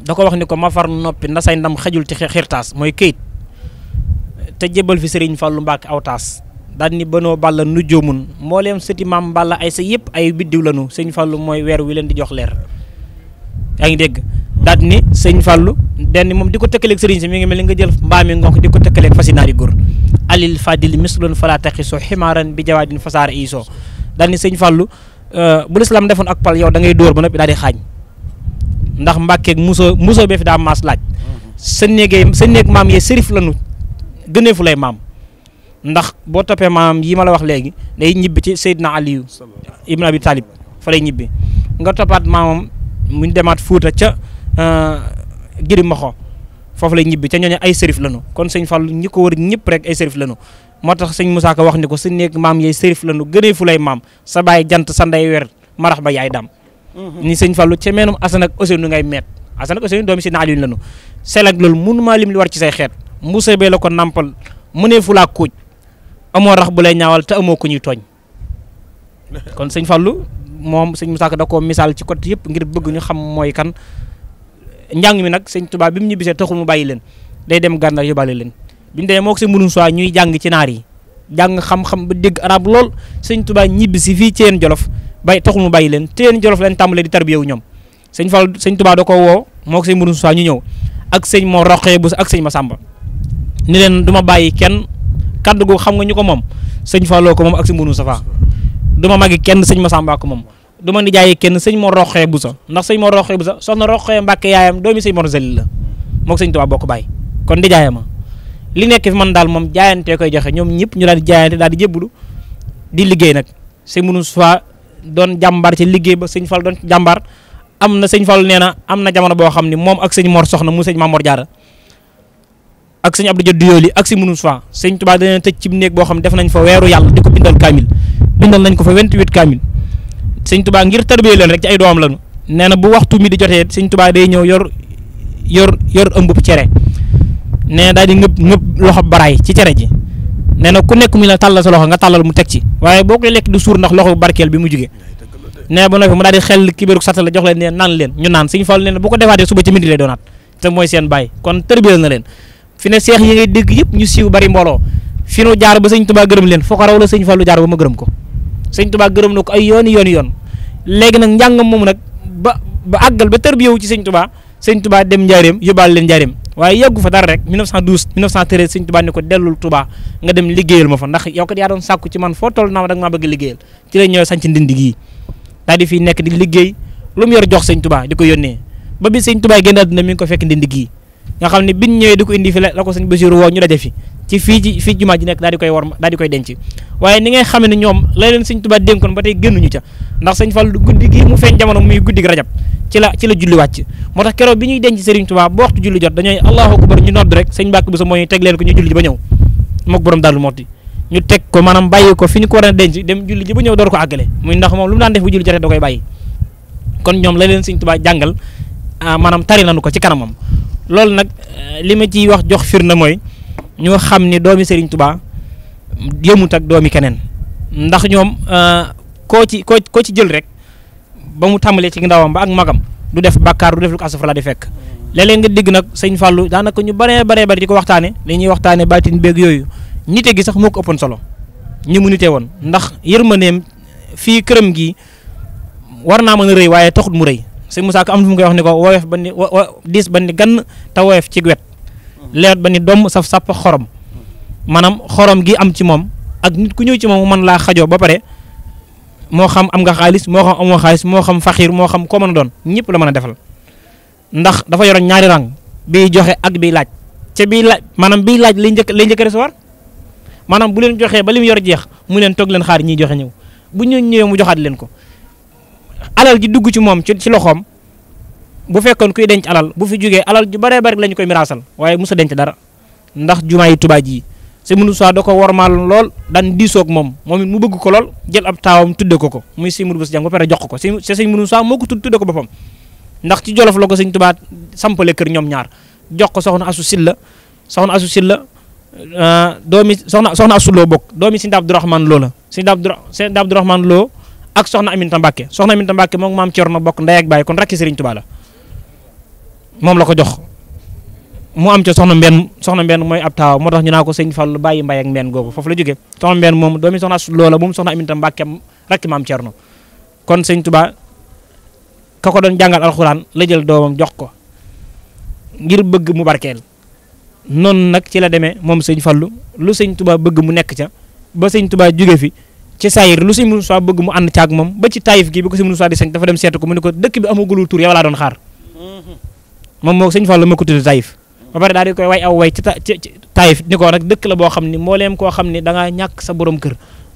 da ko wax ni ko ma far noppi nda say ndam xajul ci taas mooy këyit te jëbal fi sëriñ fallu Mbacke aw taas daal ni banoo balla nu joomun mbooleem sëti maam balla ay sa yëpp ay biddiw lanu sëñ Fallou mooy weer wi leen di jox leer yaa ngi dégg daal ni sëñ Fallou denn moom di ko tëkkaleeg sëriñ si mi ngi mel ni di ko tëkkaleeg fasi naari góor alil fadil misloon fala taxi soo ximaaran bi jawaadin fasaara soo daal ni sëñ Fallou euh, bu lislaam defoon ak pal yow da ngay dóor ba noppi daal di xaañ ndax mbàkkeeg musoo musoo bee fi daa maas laaj sa néegee sa néeg maam yee sërif lanu gënee fu lay maam ndax boo toppee maam yi ma la wax léegi day ñibbi ci Seydina Aliyu ibn Abi Talib fa lay ñibbi nga toppaat maamam muñ ñu demaat Fuuta ca euh, giri moxo foofu lay ñibbi ca ñooñu ay sërif lanu kon sëñ Fall ñi ko wër ñëpp rek ay sërif lanu moo tax sëñ Moussa Ka wax ni ko su nekk maam yey sërif la nu gënee fu lay maam sa baay jant sa nday weer marax ba yaay daam mhm. ni sëñ Fallou ca meenum Assane ak Ousseynou ngay meet Assane ak Ousseynou doomi si naal yuñ la nu sel ak loolu mënu maa lim li war ci say xeet Moussa bee la ko nampal mu ne fu laa kuuj amoo rax bu lay ñaawal te amoo ko ñuy tooñ kon sëñ Fallou moom sëñ Moussa Ka da koo misaal ci côté yëpp ngir bëgg ñu xam mooy kan njàng mi nag sëñ Tuubaa bi mu ñibbisee taxul mu bàyyi leen day dem gànnaar yóbbaale leen biñ demee moo ko sëñ Mourou Moussa ñuy jàng ci naar yi jàng xam-xam ba dégg arab lool sëñ Tuubaa ñibbi si fii Thiène Jolof bay taxul mu bàyyi leen Thiène Jolof leen tàmbalee di tarbiyewu ñoom sëñ Fall sëñ Tuubaa da ko woo moo ko sëñ Mourou ñu ñëw ak sëñ moo roqee bu ak sëñ Masamba ni leen du ma bàyyi kenn kaddu googu xam nga ñu ko moom sëñ Falloo ko moom ak sëñ Mourou Moussa du ma magi kenn sëñ Masamba ko moom du ma nijaayee kenn sëñ moo roqee bu sa ndax sëñ ma roqee bu sa soxna roqee Mbàkke yaayam doomi sëñ Mor Zali la moo ko sëñ Tuubaa bokk bàyyi kon nijaayama li nekk fi man daal moom jaayantee koy joxe ñoom ñëpp ñu daal di jaayante daal di lu di liggéey nag sëñ Moustapha doon jàmbaar ci liggéey ba sëñ Fall doon jàmbaar am na sëñ Fall nee na am na jamono boo xam ne moom ak sëñ Mor Soxna mu sëñ Mamor Diarra ak sëñ Abdou Diop Dioli ak sëñ Moustapha sëñ Touba dana tëj ci néeg boo xam ne def nañ fa weeru yàlla di ko bindal kaamil bindal nañ ko fa 28 kaamil sëñ Touba ngir tarbiyee leen rek ci ay doom lañu nee na bu waxtu mi di jotee sëñ Touba day ñëw yor yor yor ëmb cere nee daal di ngëb ngëb loxo baraay ci tere ji nee na ku nekk mu la tàllal sa loxo nga tàllal mu teg ci waaye boo koy lekk du suur ndax loxo barkeel bi mu jugee nee ba noppi mu daal di xel kibéru satta la jox leen naan leen ñu naan Sëñ fa nee na bu ko defaatee suba ci midi lay doonaat te mooy seen bàyyi kon tërbiyal na leen fi ne seex yi ngay dégg yëpp ñu siiw bari mbooloo fi nu jaar ba sëñ Tuubaa gërëm leen foo ko raw la sëñ Fallu jaar ba ma gërëm ko sëñ Tuubaa gërëm na ko ay yooni yooni yoon léegi nag njàngam moom nag ba ba àggal ba tërbiyewu ci sëñ Tuubaa sëñ Tuubaa dem njaareem yóbbaale leen waaye yeggu fa dara rek 1912 1913 Sëñ Tuubaa ni ko dellul Tuubaa nga dem liggéeyal ma fa ndax yow kat yaa doon sàkku ci man foo toll naa ma da nga maa bëgg liggéeyal ci la ñëw sanc ndindi gii di fiy nekk di liggéey lu mu yor jox Sëñ tubaa di ko yónnee ba bi Sëñ Tuubaa génn àdduna mi ngi ko fekk ndindi nga xam ne biñ ñëwee di ko indi fi la ko sëñ Basiru woo ñu daje fi ci fii ji fii jumaa ji nekk daal di koy war daal di koy denc waaye ni ngay xamee ne ñoom la leen sëñ Tuubaa dénkoon ba tey génnuñu ca ndax sëñ Fallu guddi gi jamono muy guddi gi rajab la la julli wàcc moo tax keroog bi ñuy denc Sëriñ Tuubaa bu waxtu julli jot dañooy allahu akbar ñu nodd rek sëñ Mbàkke Buso moo ñu teg leen ko ñu teg ko maanaam bàyyi ko fi ñu ko war a julli ba ñëw door ko àggale muy ndax moom lu mu daan def bu kon ñoom la leen sëñ Tuubaa jàngal ah, maanaam tari nañu ko ci kanamam loolu nag eh, li ma ciy wax jox na mooy ñu xam ni doomi Serigne Touba yëmut ak doomi keneen ndax ñoom euh, koo ci koo koo ci jël rek ba mu tàmbalee ci ndawam ba ak magam du def bàkkaar du def lu ko asafara di fekk. léeg-léeg nga digg nag sëñ Fallou daanaka ñu baree baree bari di ko waxtaane li ñuy waxtaane baatin beeg yooyu nite gi sax moo ko solo ñi mu nite woon ndax yërmandeem fii këram gi war naa mën a rëy waaye taxut mu rëy sëñ Moussa am na fu mu koy wax ne ko woyof ba ni diis ba ni gann te woyof ci wet leer ba ni doom saf sapp xorom maanaam xorom gi am ci moom ak nit ku ñëw ci moom man laa xajoo ba pare moo xam am nga xaalis moo xam amoo xaalis moo xam faxiir moo xam ko man a doon ñëpp la mën a defal ndax dafa yor ñaari rang biy joxe ak bi laaj ca biy laaj maanaam biy laaj lay njëkk lay njëkk recevoir maanaam bu leen joxee ba li mu yor jeex mu leen toog leen xaar ñiy joxe ñëw bu ñu ñëwee mu joxaat leen ko alal ji dugg ci moom ci ci loxoom bu fekkoon kuy denc alal bu fi jógee alal ju baree bari lañu koy miraasal waaye musa denc dara ndax jumaa yi Tuubaa ji sëñ Moussa da ko wormaal lool daan diisoog moom moom it mu bëgg ko lool jël ab taawam tudde ko ko muy sëñ Moussa Dieng ba jox ko ko sëñ sëñ Moussa moo ko tudd tudde ko boppam ndax ci jolof la ko sëñ Tuubaa sampale kër ñoom ñaar jox ko soxna asu silla soxna asu silla euh, doomi soxna soxna asu loo bokk doomi sëñ Abdourahmane loo la sëñ Abdourahmane loo ak soxna Aminta Mbàkke soxna Aminta Mbàkke moom maam Cerno bokk ndey ak baay kon rakki sëriñ Tuubaa la moom la ko jox mu am ca soxna mbenn soxna mbenn mooy ab taaw moo tax ñu naa ko sëñ Fallu bàyyi mbay ak mbenn googu foofu la jógee soxna mbenn moom doomi soxna Astu Lo la moom soxna Aminta Mbàkke rakk maam Cerno kon sëñ Tuubaa ka ko doon jàngal alxuraan la jël doomam jox ko ngir bëgg mu barkeel noonu nag ci la demee moom sëñ Fallu lu sëñ Tuubaa bëgg mu nekk ca ba sëñ Tuubaa jóge fi ci saayir lu si munu soi bëgg mu ànd caag moom ba ci taayif gi bi ko si munu soi di sëñ dafa dem seetu ko mu ne ko dëkk bi amagulul tur yow doon xaar mm-hmm. moom moo sëñ Fallu ma ko tudd Taïf ba pare daal di koy way aw way ci ni ko nag dëkk la boo xam ni leem koo xam ni da ngaa ñàkk sa borom kër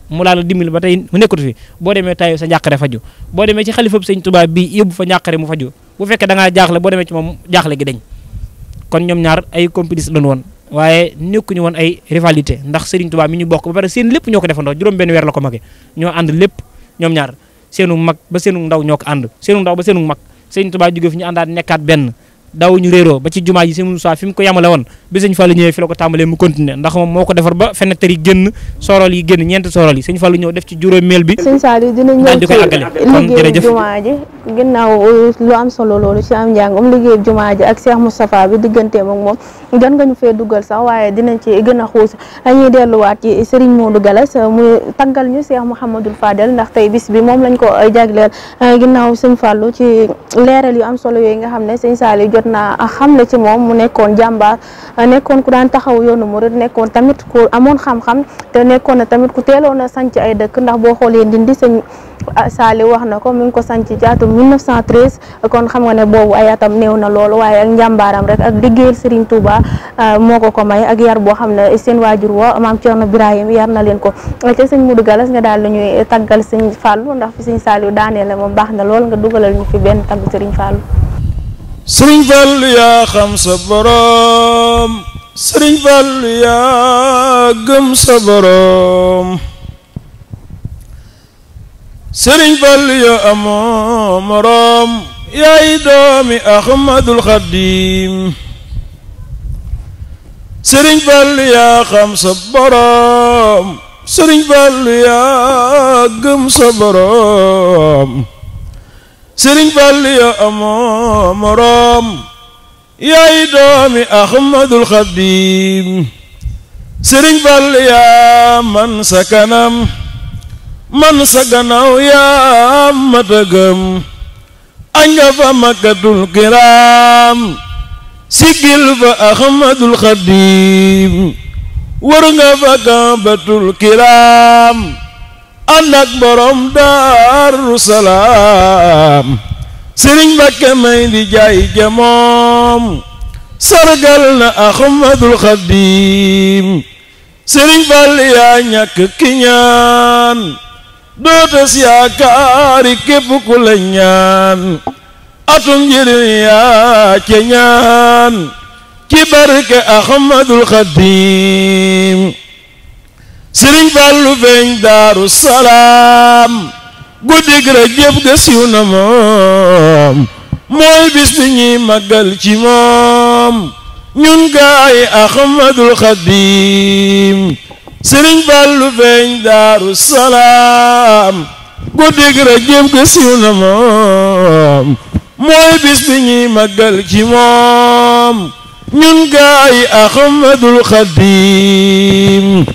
mu laa la dimbali ba tey mu nekkatu fi boo demee Taïf sa njàqare faju boo demee ci xalifab sëñ Tuubaa bii yóbbu fa njàqare mu faju bu fekkee da ngaa jaaxle boo demee moom jaaxle gi kon ñoom ñaar ay complice lañu woon waaye nekkuñu woon ay rivalité ndax Serigne Touba mi ñu bokk ba seen lépp ñoo ko defandoo juróom benn weer la ko mage ñoo ànd lépp ñoom ñaar seenu mag ba seenu ndaw ñoo ko ànd seenu ndaw ba seenu mag Serigne Touba jóge fi ñu àndaat nekkaat benn daaw ñu réero ba ci jumaa ji sëñ Moussa fi mu ko yamale woon bi sëñ Fallou ñëwee fi ko tàmbalee mu continuer ndax moom moo ko defar ba fenêtre yi génn sorol yi génn ñeenti sorol yi sëñ Fallou ñëw def ci juróomeel bi sëñ Saliou dina ñëw di koy àggale kon jërëjëf jumaa ji ginnaaw uh, lu am solo loolu ci am njàngam um, liggéey jumaa ji ak Cheikh Moustapha bi digganteem ak moom gën nga ñu fee dugal sax waaye dinañ ci gën a xuus dañuy delluwaat ci Serigne Modou Galas euh, muy taggal ñu Cheikh Mouhamadul Fadel ndax tey bis bi moom lañ ko euh, jagleel euh, ginnaaw sëñ Fallou ci leeral yu am solo yooyu nga xam ne sëñ Saliou jot na xam ne ci moom mu nekkoon jàmbaar nekkoon ku daan taxaw yoonu murid nekkoon tamit ku amoon xam-xam te nekkoon na tamit ku teeloon a sanc ay dëkk ndax boo xoolee ndindi sëñ Saliou wax na ko mi ko sanc ci kon xam nga ne boobu ay atam néew na loolu waaye ak njàmbaaram rek ak liggéeyal Serigne Touba Euh, moo ko ko may ak yar boo xam ne seen waajur wa maam Thierno Birahim yar na leen ko te sëñ Modou Galas nga daal lañuy taggal sëñ moom baax lool nga dugalal ñu fi yaa xam sa borom sëriñ Fallou yaa gëm sa yaa amoo morom yaay sëriñ Fallu yaa xam sa boroom sëriñ Fallu yaa gëm sa boroom sëriñ yaa amoo moroom yaay doomi Ahmadul Xadim sëriñ yaa man sa man sa yaa matagam añ nga fa kiraam sigil fa ahmadul xadim war fa kàmbatul kiram ànd ak borom daaru salaam sëriñ Mbàkke may di jaay jamoom sargal na ahmadul xadim sëriñ Fall yaa ñàkk ki ñaan dootas yaakaari képp ku atum jëlin yaa ca ñaan ci barke Ahmadul Xadim Sëriñ Fallu feeñ Daaru Salaam guddig Rajab ga na moom mooy bis bi ñuy màggal ci moom ñun gaay Ahmadul Xadim Sëriñ Fallu feeñ Daaru Salaam guddig Rajab ga na moom mooy bis bi ñuy màggal ci moom ñun gaay Ahmadul Xadim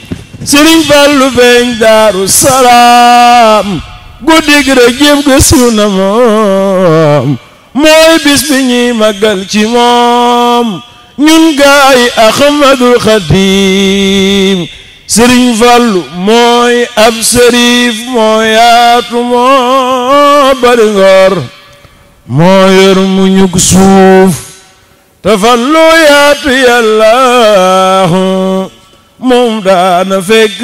Sëriñ Fallu feeñ Daaru Salaam guddig rëjëb ga na moom mooy bis bi ñuy màggal ci moom ñun gaay Ahmadul Xadim Sëriñ Fallu mooy ab sërif moo yaatu moo bari moo yor mu ñug suuf tafallu yaatu moom daana fekk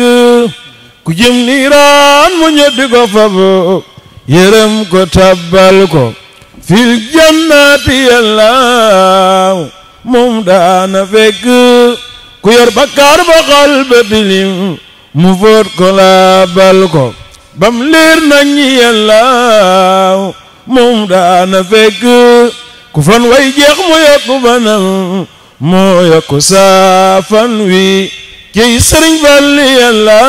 ku jëm niiraan mu ñoddi ko fab yërëm ko tabbal ko fil jannaati yàllaahu moom daana fekk ku yor bakkaar ba xal ba tilim mu fóot ko laabal ko bam leer nañ ñi yàllaahu moom daana fekk ku fan way jeex mu yokk banam moo yokk saa fan wi ciy sëriñ Fallu Yàlla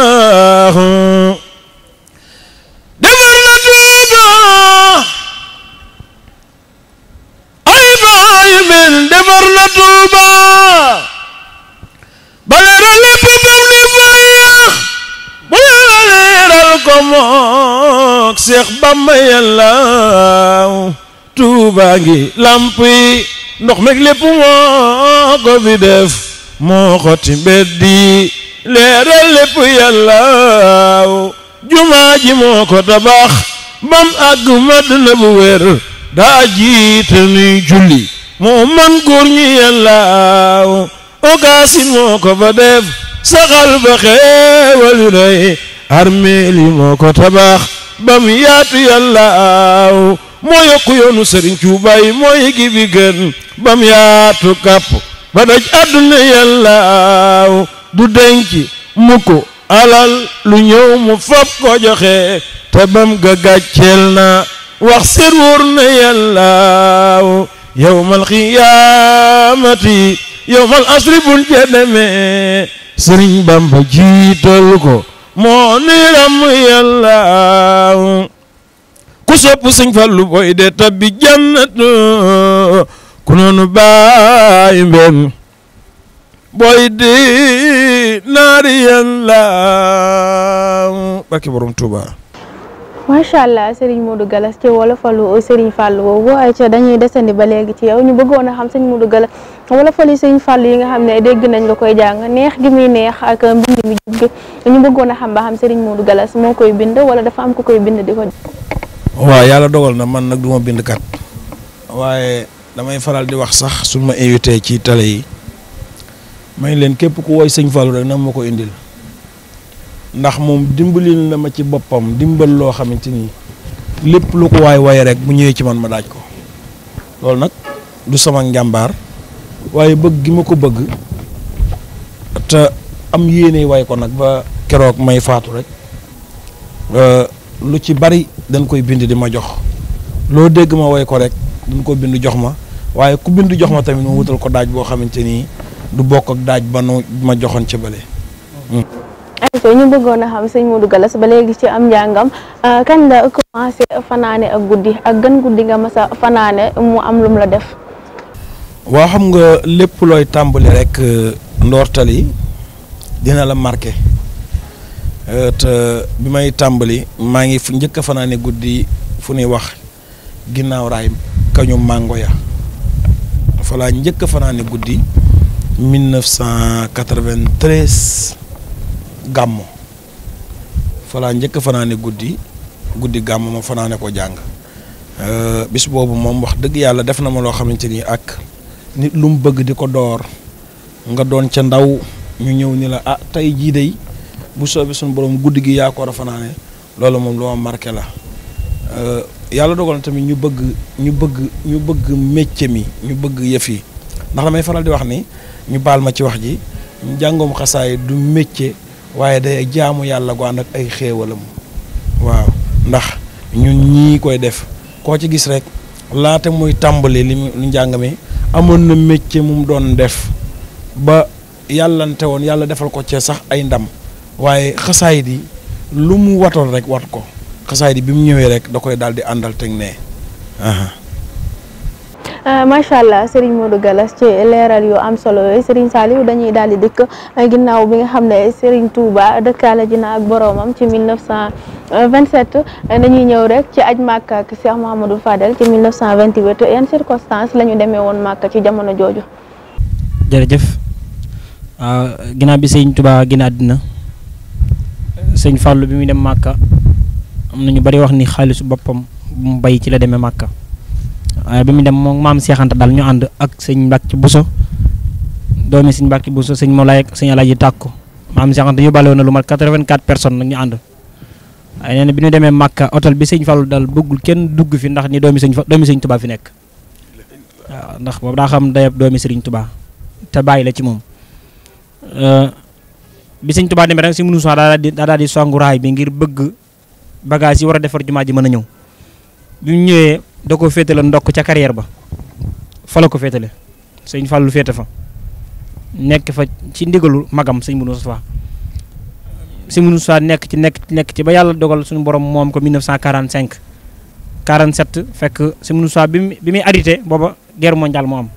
defar na Tuuba ay baayu mel defar na Tuuba ba leeral lépp bam ni fay bu leeral ko moom noog Seex Bamba yàllaaw Tuubaa ngi làmp yi ndox meg lépp moo ko fi def moo xoti mbedd yi leeral lépp yàllaaw jumaa moo ko tabax bam àgg Madina bu wér julli moo man góor ñi yàllaaw moo ko fa def saxal ba xeewal yu moo ko tabax bam yaatu yàllaaw moo yokku yoonu sëriñ Tuuba yi moo yëgi bi gën bam yaatu kàpp ba daj àdduna yàllaaw du denc mukk alal lu ñëw mu fab ko joxe te bam ga gàcceel na wax sir wóor na yàllaaw yowmal xiyaamati yowmal asri buñ ca demee sëriñ jiital ko moo ni ram yàlla ku sopp sëñ Fallu boy tabbi jannatu ku noonu baay mbenn boy di naari bakki borom Tuuba macha allah Serigne Modou Gallass ci wolofalu Serigne Fallou woowu ay ca dañuy desandi ba léegi ci yow ñu bëggoon a xam Serigne Modou Gallass wolofalu Serigne Fallou yi nga xam ne dégg nañ la koy jàng neex gi neex ak mbind mi ñu bëggoon a xam ba xam Serigne Modou Gallass moo koy bind wala dafa am ku koy bind di ko. waaw yàlla dogal na man nag du bind kat waaye damay faral di wax sax suñ ma invité ci télé yi may leen képp ku woy Serigne Fallou rek na ma ko indil. ndax moom dimbalil na ma ci boppam dimbal loo xamante ni lépp lu ko waay waye rek bu ñëwee ci man ma daaj ko loolu nag du sama njàmbaar waaye bëgg gi ma ko bëgg te am yéene woy ko nag ba keroog may faatu rek euh, lu ci bari dañ koy bind di ma jox loo dégg ma way ko rek dañ koo bind jox ma waaye ku bind jox ma tamit ma wutal ko daaj boo xamante ni du bokk ak daaj ba nu ma joxoon ci bële. Hmm. ok ñu bëggoon a xam sëñ Modou Gallass ba léegi ci am njàngam euh, kan la commencé fanaane ak guddi ak gën guddi nga mas fanaane mu am lum la def. waa xam nga lépp looy tàmbali rek euh, ndoortal yi dina la marqué euh, te bi may tàmbali maa ngi njëkk a fanaane guddi fu nuy wax ginnaaw raay kañu màngo ya fa njëkk a fanaane guddi 1993. gàmm falaa njëkk fanaane guddi guddi gàmm ma fanaane ko jàng euh, bis boobu moom wax dëgg yàlla def na ma loo xamante ni ak lu mu bëgg di ko door nga doon ca ndaw ñu ñëw ni la ah tey jii day bu soobee suñu borom guddi gi yaa ko war a fanaane loolu moom euh, yàlla dogal tamit ñu bëgg ñu bëgg ñu bëgg métier mi ñu bëgg yëf ndax damay ma ci wax ji njàngoom xasaay du métier waaye day jaamu yàlla gu ànd ak ay xéewalam waaw ndax ñun ñii koy def koo ci gis rek laata muy tàmbali li mu njàng mi amoon na métier mu doon def ba yàllante woon yàlla defal ko ci sax ay ndam waaye xasaay di lu mu watoon rek wat ko xasaay di bi mu ñëwee rek da koy daal di àndal teg ne Euh, macha allah Serigne Modou Gallass ci leeral yu am solo yooyu Serigne Saliou dañuy daal di dikk euh, ginnaaw bi nga xam ne Serigne Touba dëkkaale ji na ak boromam ci 1927 euh, dañuy ñëw rek ci aj Màkka ak Cheikh Mouhamadou Fadel ci 1928 yan circonstances la ñu demee woon Màkka ci jamono jooju. jërëjëf ah, ginnaaw bi Serigne Touba gën a àddina sëñ Fallou bi muy dem Màkka am na ñu bari wax ni xaalisu boppam bu mu bay ci la deme Màkka. waaye bi mu dem moom maam Cheikh Anta daal ñu ànd ak sëñ Mbacke Bousso doomi sëñ Mbacke Bousso sëñ Moulay ak sëñ Alaaji tàkk maam Cheikh Anta yóbbaale woon na lu mat 84 personnes nag ñu ànd waaye nee na bi nu demee Màkka hôtel bi sëñ Fallou dal bëggul kenn dugg fi ndax ni doomi sëñ doomi sëñ Touba fi nekk waaw ndax boobu daa xam dayab doomi sëriñ Touba te bàyyi la ci moom euh, bi sëñ Touba demee rek si mënu soxla daa di daa di songu raay bi ngir bëgg bagage yi war a defar jumaa ji mën a ñëw da ko féetale ndokk ca carrière ba fala ko féetale sëñ Fallou féeta fa nekk fa ci ndigalu magam sëñ Mourou Moustapha sëñ Mourou Moustapha nekk ci nekk nekk ci ba yàlla dogal suñu borom moom ko 1945 47 fekk sëñ Mourou Moustapha bi mu bi muy arrêté booba guerre mondiale moo am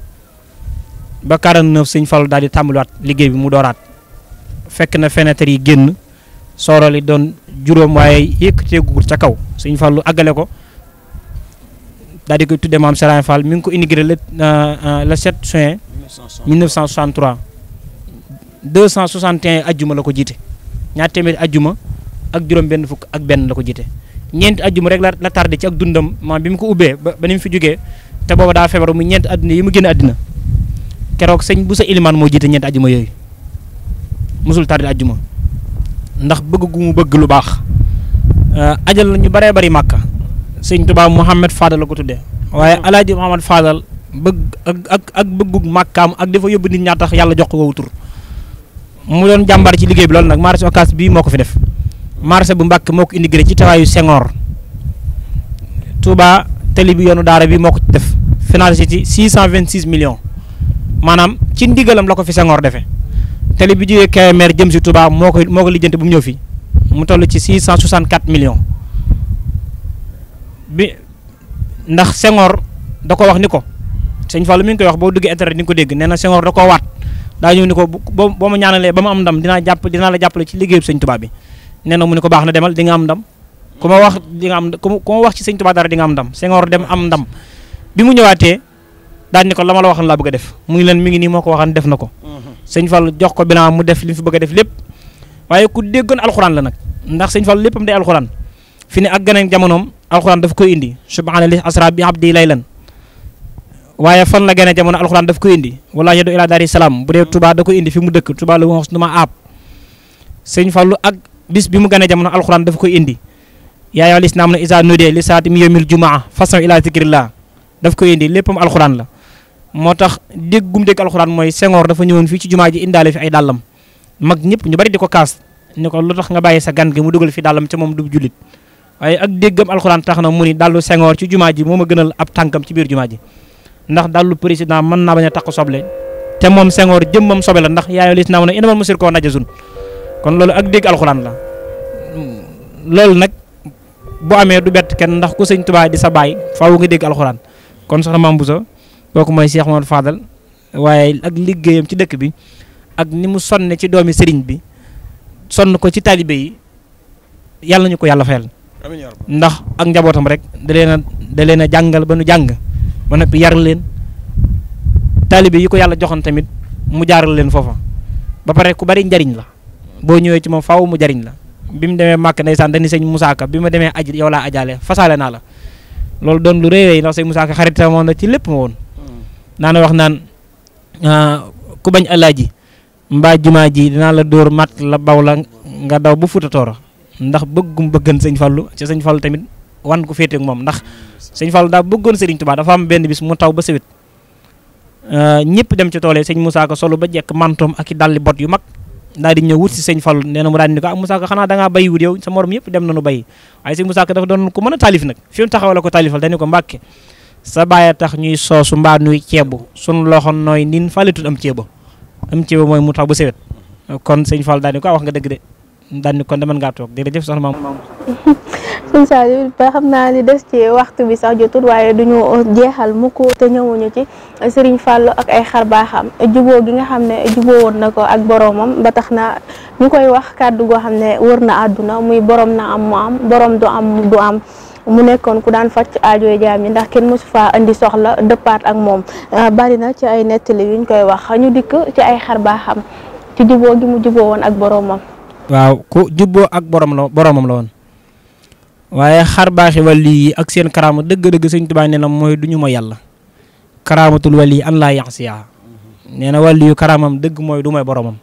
ba 49 suñ Fallou daal di tàmbaliwaat liggéey bi mu dooraat fekk na fenêtre yi génn soorali doon juróom waaye yëkkateeguwul ca kaw sëñ Fallou àggale ko. daal di koy tuddee maam Serigne Fall mi ngi ko inauguré le euh, euh, le 7 juin. 1963 261 ajjuma la ko jiite ñaar téeméeri ajjuma ak juróom-benn fukk ak benn la ko jiite. ñeent ajjuma rek la la tardé ci ak dundam maam bi mu ko ubbee ba ni mu fi jógee te booba daa feebar mu ñeenti adduna yi mu génn addina keroog sëñ bu sa ilimaan moo jiite ñeenti ajjuma yooyu mosul tardé ajjuma ndax bëgg gu mu bëgg lu baax euh, ajal na ñu baree bari màkka. sëñ Tuubaa Mouhamed Fadal la ko tuddee waaye mm. alaaji Mouhamed Fadal bëgg ak ak ak bëggug màkkaam ak dafa yóbbu nit ñaa tax yàlla jox ko woowu tur mu doon jàmbar ci liggéey bi loolu nag marché Ocass bii moo ko fi def marché bu Mbàkke moo ko indigré ci tawaayu Senghor Touba tali bi yoonu daara bi moo ko def financé ci 626 millions maanaam ci ndigalam la ko fi Senghor defee tali bi jógee Kébémer jëm si Touba moo ko moo ko lijjante bu mu ñëw fi mu toll ci 664 million bi ndax Senghor da ko wax ni ko sëñ Fallou mi ngi koy wax boo duggee internet di ko dégg nee na Senghor da ko waat daa ñëw ni ko ba boo ma ñaanalee ba ma am ndam dinaa jàpp dinaa la jàppale ci liggéeyu sëñ Tuubaa bi nee na mu ni ko baax na demal di nga am ndam ku ma wax di nga am ku ma wax ci sëñ Tuubaa dara di nga am ndam Senghor dem am ndam bi mu ñëwaatee daal ni ko la ma la waxoon laa bëgg a def mu ngi leen mi ngi nii moo ko waxoon def na ko mm-hmm. sëñ Fallou jox ko bilan mu mu fi bëgg a def lépp waaye ku déggoon alxuraan la nag ndax sëñ Fallou léppam day alxuraan fi a jamonoom alxuraan daf ko indi subhaana li asra bi abdi laylan waaye fan la gën a jamono alxuraan daf ko indi wala yadu ila daari salaam bu dee tubaa da koy indi fi mu dëkk Touba la wax nu ma aab sëñ Fallu ak bis bi mu gën a jamono alxuraan daf ko indi yaa ayyuhal islaam na isa nudee li saati mi yawmil jumaa fasaw ila zikrillah daf koy indi léppam alxuraan la moo tax dégg gum dégg alxuraan mooy Senghor dafa ñëwoon fii ci jumaa ji indaal fi ay dàllam ñëpp ñu bari ko kaas ni ko lu tax nga bàyyi sa gan mu dugal fi dàllam ca moom du jullit waaye ak déggam alxuraan tax na mu ni dallu sengoor ci jumaa ji moo ma gënal ab tànkam ci biir jumaa ji ndax dallu président mën naa bañ a tax ko soble te moom Senghor jëmmam sobe la ndax yaayo lis naa mu ne inamal musir koo najasun kon loolu ak dégg la loolu nag bu amee du bett kenn ndax ku sëñ Tuubaa di sa baay faaw nga kon soxna Mame Bousso mooy Cheikh Mamadou Fadal waaye ak liggéeyam ci dëkk bi ak ni mu sonne ci doomi sëriñ bi sonn ko ci taalibe yi yàlla ñu ko yàlla fayal ndax ak njabootam rek da a da leen a jàngal ba nu jàng ba noppi yar leen taalibe yi ko yàlla joxoon tamit mu jaaral leen foofa ba pare ku bari njariñ la boo ñëwee ci moom faw mu jariñ la bi mu demee Màkk ndeysaan dañu sëñ Moussa Ka bi ma demee aj yow laa ajaale fasaale naa la loolu doon lu réy ndax sëñ musaaka Ka xarit moom la ci lépp ma woon naana wax naan ah, ku bañ alaaji mbaa jumaa ji dinaa la dóor mat la baw la nga daw bu futa toora ndax bëggum bëggan sëñ Fallu ci sëñ Fallu tamit wan ko féete moom ndax sëñ Fallu daa bëggoon sëriñ Tuubaa dafa am benn bis mu taw ba sawit euh, ñëpp dem ci tool yi sëñ Moussa Ka solo ba jekk mantoom ak i dalli bot yu mag daal di ñëw wut si sëñ Fallu nee na mu daal ni ko ah Ka xanaa da ngaa bayiwut yow sa morom yëpp dem nañu bayi waaye sëñ Moussa Ka dafa mën a taalif nag fi mu taxaw ko taalifal dañu ko mbàkke sa bàyyi tax ñuy soosu mbaa nuy ceebu suñ loxo nooy nin falitut am ceeba am ceeba mooy mu taw ba sawet kon sëñ Fallu daa ni ko ah, wax nga dëgg de daan kon demoon ngaa toog jërëjëf soxna maam. suñu saa yu ba xam naa ni des ci waxtu bi sax jotul waaye duñu jeexal mukk te ñëwuñu ci Serigne Fallou ak ay xar baaxam juboo gi nga xam ne juboo woon na ko ak boromam ba tax na ñu koy wax kàddu goo xam ne wër na àdduna muy borom na am mu am borom du am du am. mu nekkoon ku daan faj aajo jaam yi ndax kenn mosu faa indi soxla dëppaat ak moom ah, bari na ci ay nettali yuñ koy wax ñu dikk ci ay xar baaxam ci juboo gi mu juboo woon ak boromam. waaw ku jubboo ak borom la boromam la woon waaye xar baaxi wàllu yi ak seen karaama dëgg-dëgg sëñ Tuubaa na mooy du ñu ma yàlla karaamatul wàllu yi an laa yàq si nee na wàllu yu karaamam dëgg mooy du may boromam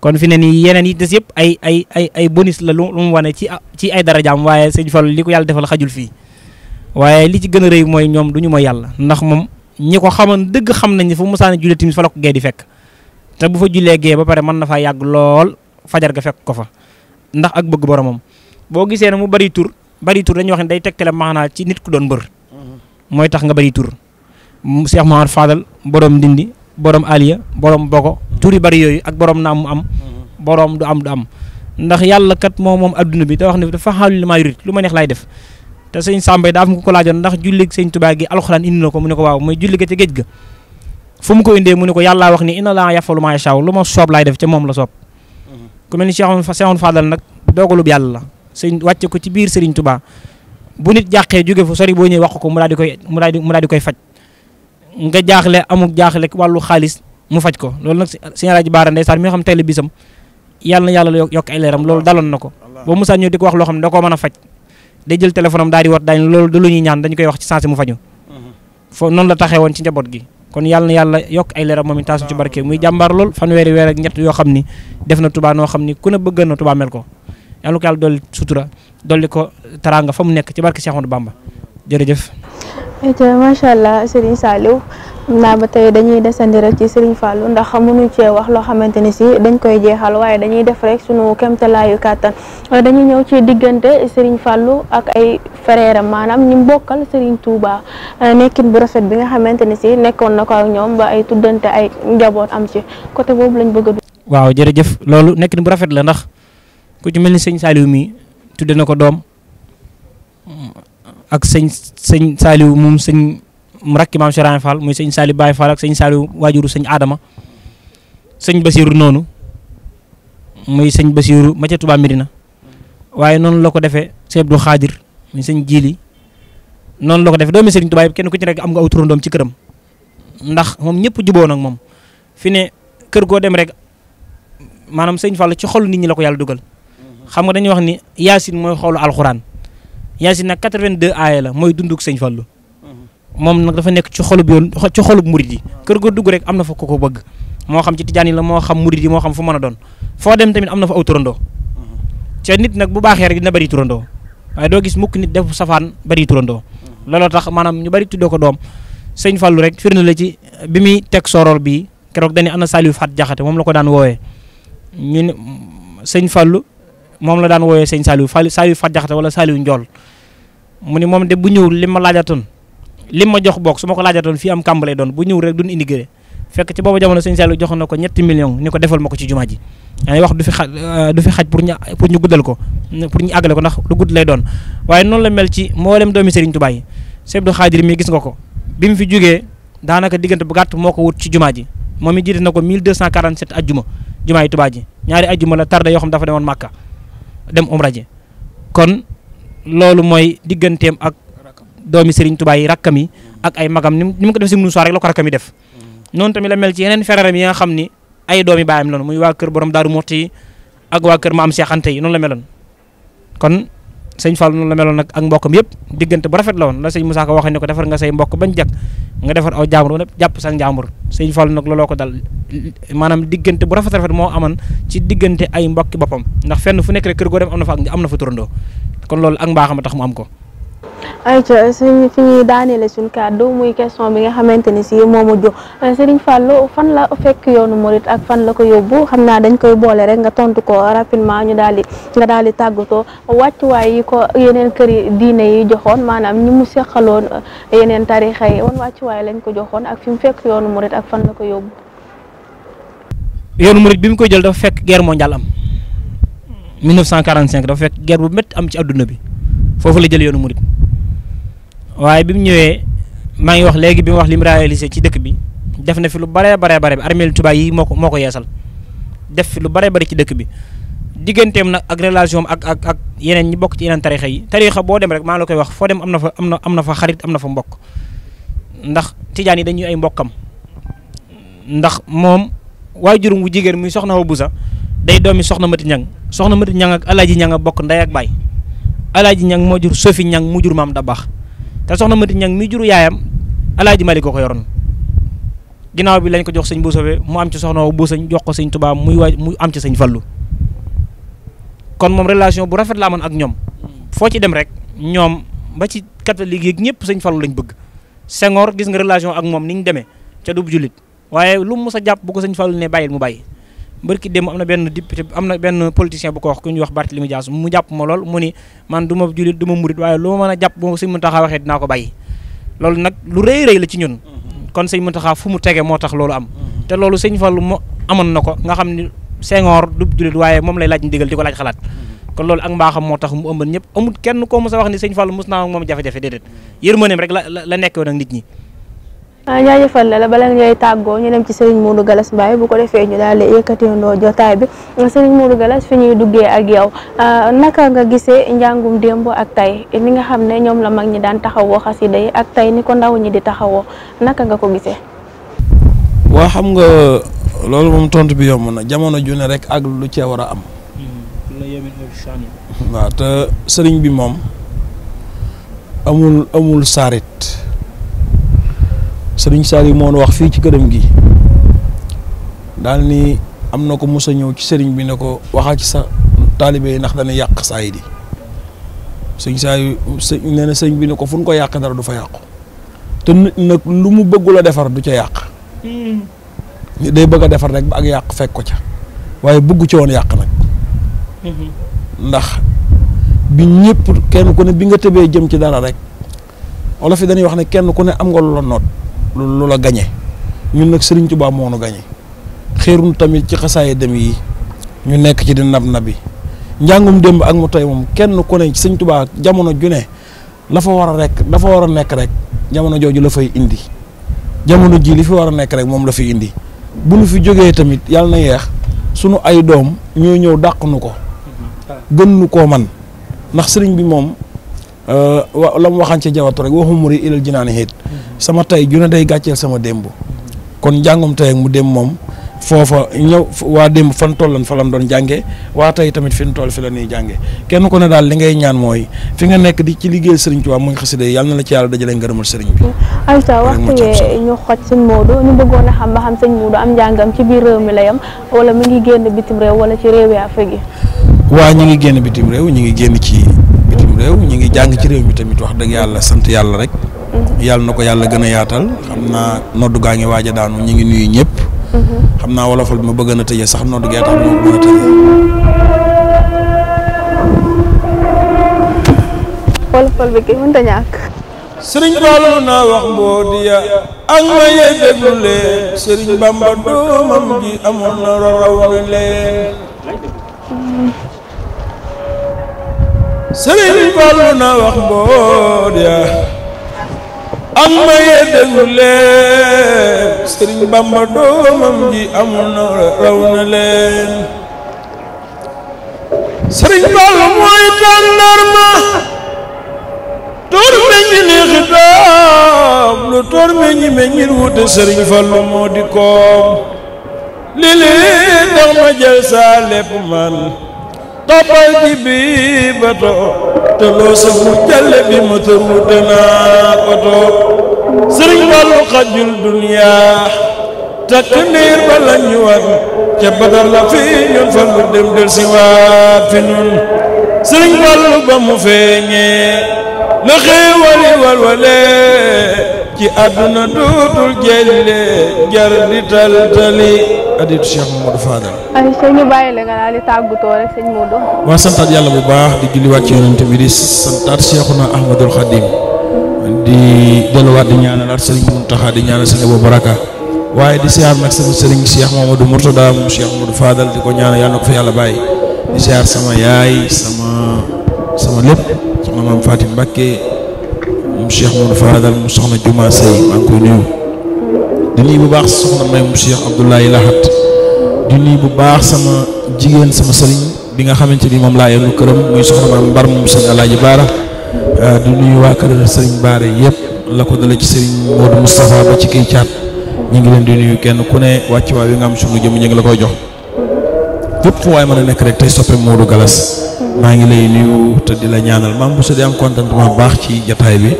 kon fi ne nii yeneen yi des yëpp ay ay ay ay bonus la lu mu wane ci ci ay darajaam waaye sëñ Fallu li ko yàlla defal xajul fii waaye li ci gën a rëy mooy ñoom du ñu ma yàlla ndax moom ñi ko xamoon dëgg xam nañ ne fu musaani jullee timis fa la ko gee di fekk te bu fa ba pare mën na faa yàgg lool fajar ga fekk ko fa ndax ak bëgg boromam boo gisee ne mu bari tur bari tur dañuy wax ne day tegtale maanaa ci nit ku doon mbër mooy tax nga bari tur Cheikh Mouhamed Fadal borom Ndindi borom Aliya borom Bogo tur yu bari yooyu ak borom naa am mu am borom du am du am ndax yàlla kat moom moom adduna bi da wax ne dafa xaalu li ma yurit lu ma neex laay def te sëñ Samba daaf mu ko laajoon ndax jullig sëñ Tuubaa gi alxuraan indi na ko mu ne ko waaw mooy julli ga laa def ca moom la soob ku mel ni Cheikhoul Fadal nag dogalub yàlla la sëñ wàcce ko ci biir Serigne Touba bu nit jàqee jóge fu sori boo ñëwee wax ko mu daal di koy mu daal di mu daal di koy faj nga jaaxle amuk jaaxle wàllu xaalis mu faj ko loolu nag sëñ Alaaji Baara ndeysaan mi nga xam tey la bisam yàlla na yàlla yokk ay leeram loolu daloon na ko boo Moussa ñëw di ko wax loo xam ne da koo mën a faj day jël téléphone am di wat daañu loolu du ñaan dañu koy wax ci sens mu faju mhm. foofu noonu la taxee woon ci njaboot gi kon yàlla yàlla yokk ay leeram moom it taasu ci barke muy jàmbaar lool fanweeri weer ak ñett yoo xam ni def na Touba noo xam ni ku ne bëgg na Touba mel ko yàlla ko yàlla dolli sutura dolli ko taraanga fa mu nekk ci barke Cheikh Ahmadou Bamba jërëjëf ca macha allah Serigne Saliou naa ba tey dañuy desandi rek ci Serigne Fallou ndax mënuñ cee wax loo xamante ni si dañ koy jeexal waaye dañuy def rek sunu kéemtalaayu kàttan dañuy ñëw cee diggante Serigne Fallou ak ay frère maanaam ñu bokkal Serigne Touba nekkin bu rafet bi nga xamante ni si nekkoon na ko ak ñoom ba ay tuddante ay njaboot am ci côté boobu lañ bëgg a. waaw jërëjëf loolu nekkin bu rafet la ndax ku ci mel ni Serigne Saliou mii tudd na ko doom. ak sëñ sëñ Saliou moom sëñ rakki maam Serigne Fall muy sëñ Saliou Baye Fall ak sëñ Saliou waajuru sëñ Adama sëñ Basiiru noonu muy sëñ Basiiru ma ca Touba waaye noonu la ko defee sëñ Abdou Khadir muy sëñ Jili noonu la ko defee doomi Serigne kenn ku ci nekk am nga aw turandoom ci këram ndax moom ñëpp juboo nag moom fi ne kër goo dem rek maanaam sëñ Fall ci xol nit ñi la ko yàlla dugal xam nga dañuy wax ni yaasin mooy xoolu alxuraan. yaasin nag 82 aaya la mooy dunduk sëñ Fallou moom nag dafa nekk ci xolub yoon ci xolub murid yi kër goo dugg rek am na fa ko ko bëgg moo xam ci tijaan yi la moo xam murid yi moo xam fu mën a doon foo dem tamit am na fa aw turandoo te nit nag bu baaxee rek dina bari turandoo waaye doo gis mukk nit def safaan bëri turandoo looloo tax maanaam ñu bëri tuddoo ko doom sëñ Fallou rek firnde la ci bi muy teg soror bii keroog dañuy ana Saliou Fat Jaxate moom la ko daan woowee ñu ne sëñ Fallou moom la daan wooyee sëñ Saliou Fall Saliou Fat Jaxate wala Saliou Njool mu ni moom de bu ñëwul lim ma laajatoon lim ma jox boog su ma ko laajatoon fii am kàmb lay doon bu ñëwul rek duñ indi fekk ci boobu jamono sëñ Saliou jox na ko ñetti million ni ko defal ma ko ci euh, xaj pour ñu pour ñu ko pour ñu àggale ko ndax lu gudd doon waaye noonu la mel ci mboolem doomi Serigne Touba yi gis nga ko bi mu fi jógee daanaka diggante bu gàtt moo ko wut ci jumaa ji moom i jiite na ko 1247 ajjuma jumaa yi Touba ji ñaari ajjuma la tardé yoo dafa demoon Màkka dem umra ji kon loolu mooy digganteem ak doomi Serigne Touba yi rakkam yi ak ay magam ni mu ni mu ko def si Moussa rek la ko rakkam yi def. noonu tamit la mel ci yeneen feraram yi nga xam ni ay doomi baayam lañu muy waa kër borom Daaru ak waa kër maam Cheikh yi noonu la meloon kon. sëñ Fall noonu la meloon nag ak mbokkam yëpp diggante bu rafet la woon la sëñ Moussa ko waxee ne ko defar nga say mbokk bañ jag nga defar aw jaamur nag jàpp sa njaamur sëñ Fall nag looloo ko dal maanaam diggante bu rafet rafet moo aman ci diggante ay mbokki boppam ndax fenn fu nekk rek kër goo dem am na fa am na fa turandoo kon loolu ak mbaaxam a tax mu am ko ayca suñ fi ñuy daaneele suñ kàddu muy question bi nga xamante ni si moomu jóg eh, Serigne Fallou fan la fekk yoonu murit ak fan la ko yóbbu xam naa dañ koy boole rek nga tontu ko rapidement ñu daal di nga daal di tàggatoo wàccuwaay yi ko yeneen kër yi diine yi joxoon maanaam ñi mu seqaloon eh, yeneen tarixa yi wan wàccuwaay lañ ko joxoon ak fi mu fekk yoonu murit ak fan la ko yóbbu. yoonu murit bi mu koy jël dafa fekk guerre mondiale am 1945 hmm. dafa fekk guerre bu métti am ci adduna bi foofu la jël yoonu murit waaye bi mu ñëwee maa ngi wax léegi bi mu wax li mu réalisé ci dëkk bi def na fi lu baree baree bare bi armeel Touba yi moo ko moo ko yeesal def fi lu baree bari ci dëkk bi digganteem nag ak relation ak ak ak yeneen ñi bokk ci yeneen tarixa yi tarixa boo dem rek maa la koy wax foo dem am na fa am na am na fa xarit am na fa mbokk ndax tiijaan yi dañuy ay mbokkam ndax moom waajurum wu jigéen muy soxna wa busa day doomi soxna mati ñang soxna mati ñang ak alaaji ñang a bokk ndey ak baay alaaji ñang moo jur sofi ñang mu jur maam da baax te soxna Mati Ñang mi juru yaayam alaaji Malik ko ko yoroon ginnaaw bi lañ ko jox sëñ Bousobe mu am ci soxna bu sëñ jox ko sëñ Tuubaa muy waaj muy am ci sañ Fallu kon moom relation bu rafet la amoon ak ñoom foo ci dem rek ñoom ba ci catholique yeeg ñëpp sëñ Fallu lañ bëgg Senghor gis nga relation ak moom ni ñu demee ca dub jullit waaye lu mu mës a jàpp bu ko sëñ Fallu ne bàyyil mu bàyyi mbërki dem am na benn député am na benn politicien bu ko wax ku ñuy wax Barthélemy Dias mu jàpp ma lool mu ni man du ma jullit murit waaye lu ma mën a jàpp boo ko bàyyi loolu nag lu rëy rëy la ci ñun mm-hmm. kon sëñ Muntaxa fu mu tege moo tax loolu am mm-hmm. te loolu sëñ Fallu mo amoon na ko nga xam ne Senghor du jullit waaye moom lay laaj ndigal di ko laaj xalaat mm-hmm. kon loolu ak mbaaxam moo tax mu ëmban ñëpp amul kenn ko mos a wax ni sëñ Fallu mos naa ak moom jafe-jafe déedéet yërmandeem rek la la nekkoon ak nit ñi ah jaajëfal la la bala ngay tàggoo ñu dem ci Serigne Modou Gallass Mbaye bu ko defee ñu daal di yëkkatindoo jotaay bi Serigne Modou Gallass fi ñuy duggee ak yow ah, naka nga gisee njàngum démb ak tey ni nga xam ne ñoom la mag ñi daan taxawoo xasida yi ak tey ni ko ndaw ñi di taxawoo naka nga ko gisee. waa xam nga loolu moom tontu bi yomb na jamono ju ne rek ak lu cee war am. Hmm, waaw te sëriñ bi moom amul amul saarit sëriñ Saliou moo wax fii ci këram gi daal nii am na ko mus a ñëw ci sëriñ bi ne ko waxaa ci sa taalibe yi ndax dana yàq saa yi di sëriñ Saliou nee sëriñ bi ne ko fu ñu ko yàq dara du fa yàqu te nag lu mu bëggul a defar du ca yàq. Hmm. day bëgg defar rek ba ak yàq fekk ko ca waaye bëggu ci woon yàq nag. Hmm. ndax bi ñëpp kenn ku ne bi nga tëbee jëm ci dara rek olof yi dañuy wax ne kenn ku ne am nga lu la noot. lu la gañe ñun nag Serigne Touba moo nu gañe xéeruñu tamit ci xasaaye dem yi ñu nekk ci di nab nabi njàngum démb ak mu tey moom kenn ku ne Serigne Touba jamono ju ne la fa war a rek dafa war a nekk rek jamono jooju la fay indi jamono ji li fi war a nekk rek moom la fi indi bu nu fi jógee tamit yàlla na yeex sunu ay doom ñoo ñëw dàq nu ko gën nu koo man ndax sëriñ bi moom euh, wa la mu waxaan ci jawatu rek waxu muri ilal jinaani xéet sama tey ne day gàcceel sama démb kon njàngum tey ak mu dem moom foofa ñëw waa démb fan lan fa lan doon jànge waa tey tamit fi ñu toll fi la ñuy jànge kenn ku ne daal li ngay ñaan mooy fi nga nekk di ci liggéey sëriñ Tuubaa muy xasida yàlla la ci yàlla dajale ngërëmal sëriñ bi Aïssa waxtu wee ñu bëggoon a xam ba xam sëñ Moodu am njàngam ci biir réew mi la yam wala mu ngi génn bitim réew wala ci réew yi Afrique waa ñi ngi génn bitim réew ñu ngi génn ci bitim réew ñi ngi jàng ci réew mi tamit wax dëgg yàlla sant yàlla rek yàlla na ko yàlla gën a yaatal xam naa noddu gaa ngi waaj a daanu ñu ngi nuyu ñëpp. xam naa wolofal bi ma bëgg na tëjee sax noddu gee tax ma mën a tëjee. wolofal bi kay mënut a ñàkk. sëriñ Fallu ma doomam ji amoon na raw gi am ma yeddagu leen sëriñ bamba doomam ji amul na raw na leen sëriñ balla mooy tàndarma tóor meññi ni xitaam lu tóor meññi meññit sëriñ fallu moo di koom li li tax ma jël saa lépp man toppal ci bii ba too te loo bi ma tëmu danaa ko too sëriñ wàllu xajul duniyaa takk niir ba la ñu ca badar la fi ñun fan bu dem del si fi ñun sëriñ wàllu ba mu feeñee la xéewali walwalee ci àdduna dootul jëlle jar di tal tali aditu Cheikh Mamadou ay sëñ bàyyi la nga daal di tàggatoo waa santaat yàlla bu baax di julliwaat ci yonent bi di santaat Cheikhuna Ahmadul Khadim di delluwaat di ñaanalaat sëriñ Muntaxa di ñaanal sëriñ Abu Baraka waaye di siyaar nag sama sëriñ Cheikh Mamadou Mourtada moom Cheikh Mamadou Fadal di ko ñaanal yàlla na ko fa yàlla bàyyi di siyaar sama yaay sama lépp soxna maam Fatim Mbakke moom Cheikh Modou Faradal mu soxna Juma Seye maa ngi koy nuyu di nuyu bu baax soxna may mu Cheikh Abdoulaye Lahat di nuyu bu baax sama jigéen sama sëriñ bi nga xamante ni moom laa yendu këram muy soxna maam mbar moom sëriñ Alaaji Baara euh, di nuyu waa kër sëriñ Baara yëpp la ko dale ci sëriñ Modou Moustapha ba ci kii caat ñu ngi leen di nuyu kenn ku ne wàcc waay wi nga am suñu jëm ñu ngi la koy jox fépp fu waay mën a nekk rek tey soppe Modou Galas maa ngi lay nuyu te di la ñaanal maam bu di baax ci jataay bi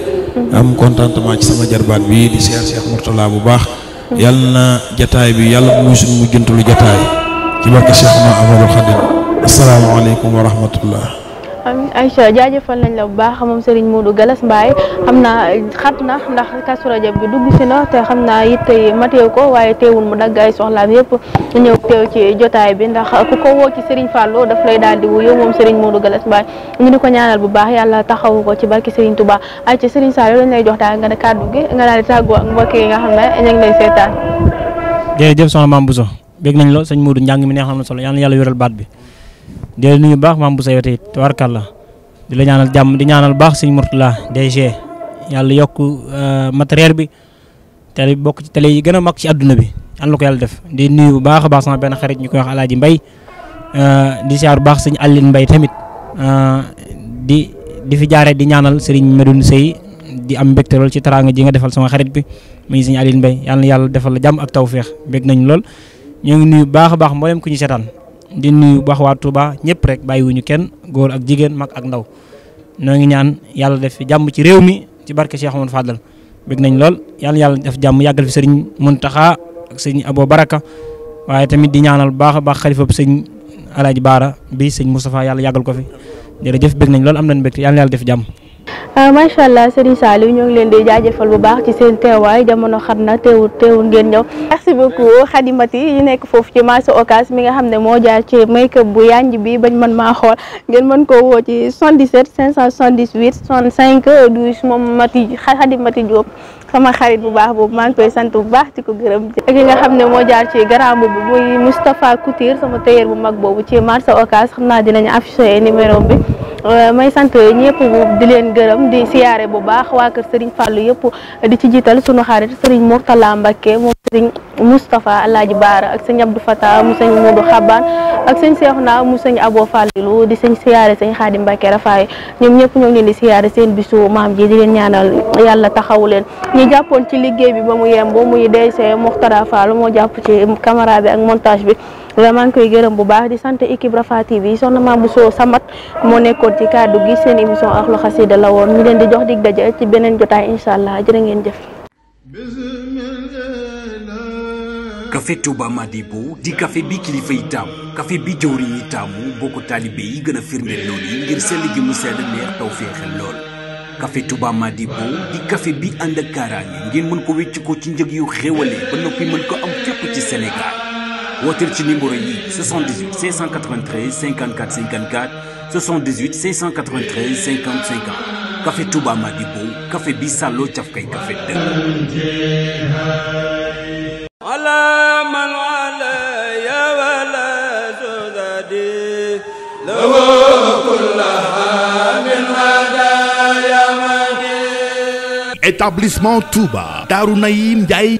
am contentement ci sama jarbaat bi di seer Cheikh Mourtala bu baax yàlla na jataay bi yàlla muy suñu mujjantalu jataay ci barke Cheikh na Amadou Khadim asalaamaaleykum wa rahmatullah amiin Aïcha jaajëfal la bu baax moom Serigne Modou Gallass Mbaye xam naa xat na ndax Kazu Rajab bi dugg si na te xam naa it ma ko waaye teewul mu dagg ay soxlaam yëpp ñëw teew ci jotaay bi ndax ku ko woo ci Serigne Fallou daf lay di wuyu moom Serigne Modou Gallass Mbaye ñu bu baax yàlla taxawu ko ci barki Serigne Touba Aïcha Serigne Sall lañ lay jox daal nga ne kàddu gi nga daal di tàggoo ak mbokk nga xam ne ñu ngi lay seetaan. jërëjëf soxna Mame Bousso bég nañ lool sëñ Modou njàng mi neex na solo yàlla yàlla yoral baat bi di la nuyu baax maam bu sa yote it tabarkàlla di la ñaanal jàmm di ñaanal baax sëñ Mourtala DG yàlla yokk euh, matériel bi télé bi bokk ci télé yi gën a mag ci àdduna bi an yàlla def di nuyu bu baax a baax sama benn xarit ñu koy wax Alaaji Mbay euh, di siyaar bu baax sëñ Aline Mbay tamit euh, di di fi jaare di ñaanal sëriñ Medoune sëy di am mbégte lool ci teraanga ji nga defal sama xarit bi muy sëñ Aline Mbay yàlla yàlla defal la jàmm ak feex bég nañ lool ñoo ngi nuyu baax a baax mboolem ku ñu seetaan di nuyu baax waa Touba ñëpp rek bàyyiwuñu kenn góor ak jigéen mag ak ndaw noo ngi ñaan yàlla def fi jàmm ci réew mi ci barke Cheikh Amadou Fadal bëgg nañ lool yàlla yàlla def jàmm yàggal fi sëriñ Muntaxa ak sëriñ Abo Baraka waaye tamit di ñaanal baax a baax xalifa sëriñ Alaaji Baara bi sëriñ Moustapha yàlla yàggal ko fi jërëjëf bëgg nañ lool am nañ mbégte yàlla yàlla def jàmm Ah, macha allah Serigne Saliou ñoo ngi leen di jaajëfal bu baax ci seen teewaay jamono xam na teewul teewul ngeen ñëw. merci beaucoup Khadimati yi nekk foofu ci marché Ocass mi nga xam ne moo jaar ci make-up bu yanj bi bañ man maa xool ngeen mën koo woo ci 77 578 65 12 moom Mati Khadimati Diop sama xarit bu baax boobu maa ngi koy sant bu baax ci ko gërëm. ak li nga xam ne moo jaar ci garaam bu muy Moustapha Couture sama tailleur bu mag boobu ci marché Ocass xam naa dinañu affiché numéro bi. Euh, may sant ñëpp di leen gërëm di siyaare bu baax waa kër Serigne Fallou yëpp di ci jiital sunu xarit sëriñ Mourtala Mbacké moom Serigne Moustapha Alaaji Baara ak sëñ Abdou Fata mu sëñ Modou Xabaan ak sëñ Seexuna mu sëñ Abo Fallou di sëñ siyaare sëñ Xaadim Mbacké Rafaay ñoom ñëpp ñoo ngi di siyaare seen bisu maam ji di leen ñaanal yàlla taxawu leen ñi jàppoon ci liggéey bi ba mu yemb muy DC Mourtala Fall moo jàpp ci caméra bi ak montage bi vraiment ngi koy gërëm bu baax di sant équipe Rafah TV soxna Mamou Sow Samat moo nekkoon ci kàddu gi seen émission Ahlou Khassida la woon ñu leen di jox dig daje ci beneen jotaay incha allah jërë ngeen jëf. café Touba di café bi kilifa yi taamu café bi jëwriñ yi taamu boo ko taalibe yi gën a firndeel loolu ngir sell gi mu sedd neex taw féexel lool. café Touba di café bi ànd ngeen mën ko wécc ko ci njëg yu xéwale ba noppi wooteel ci numéro yi 78 593 54 54 78 593 50 50 café Touba Madibo café bi sàlloo cafkay café dëgg établissement Touba Daaru Naïm Njaay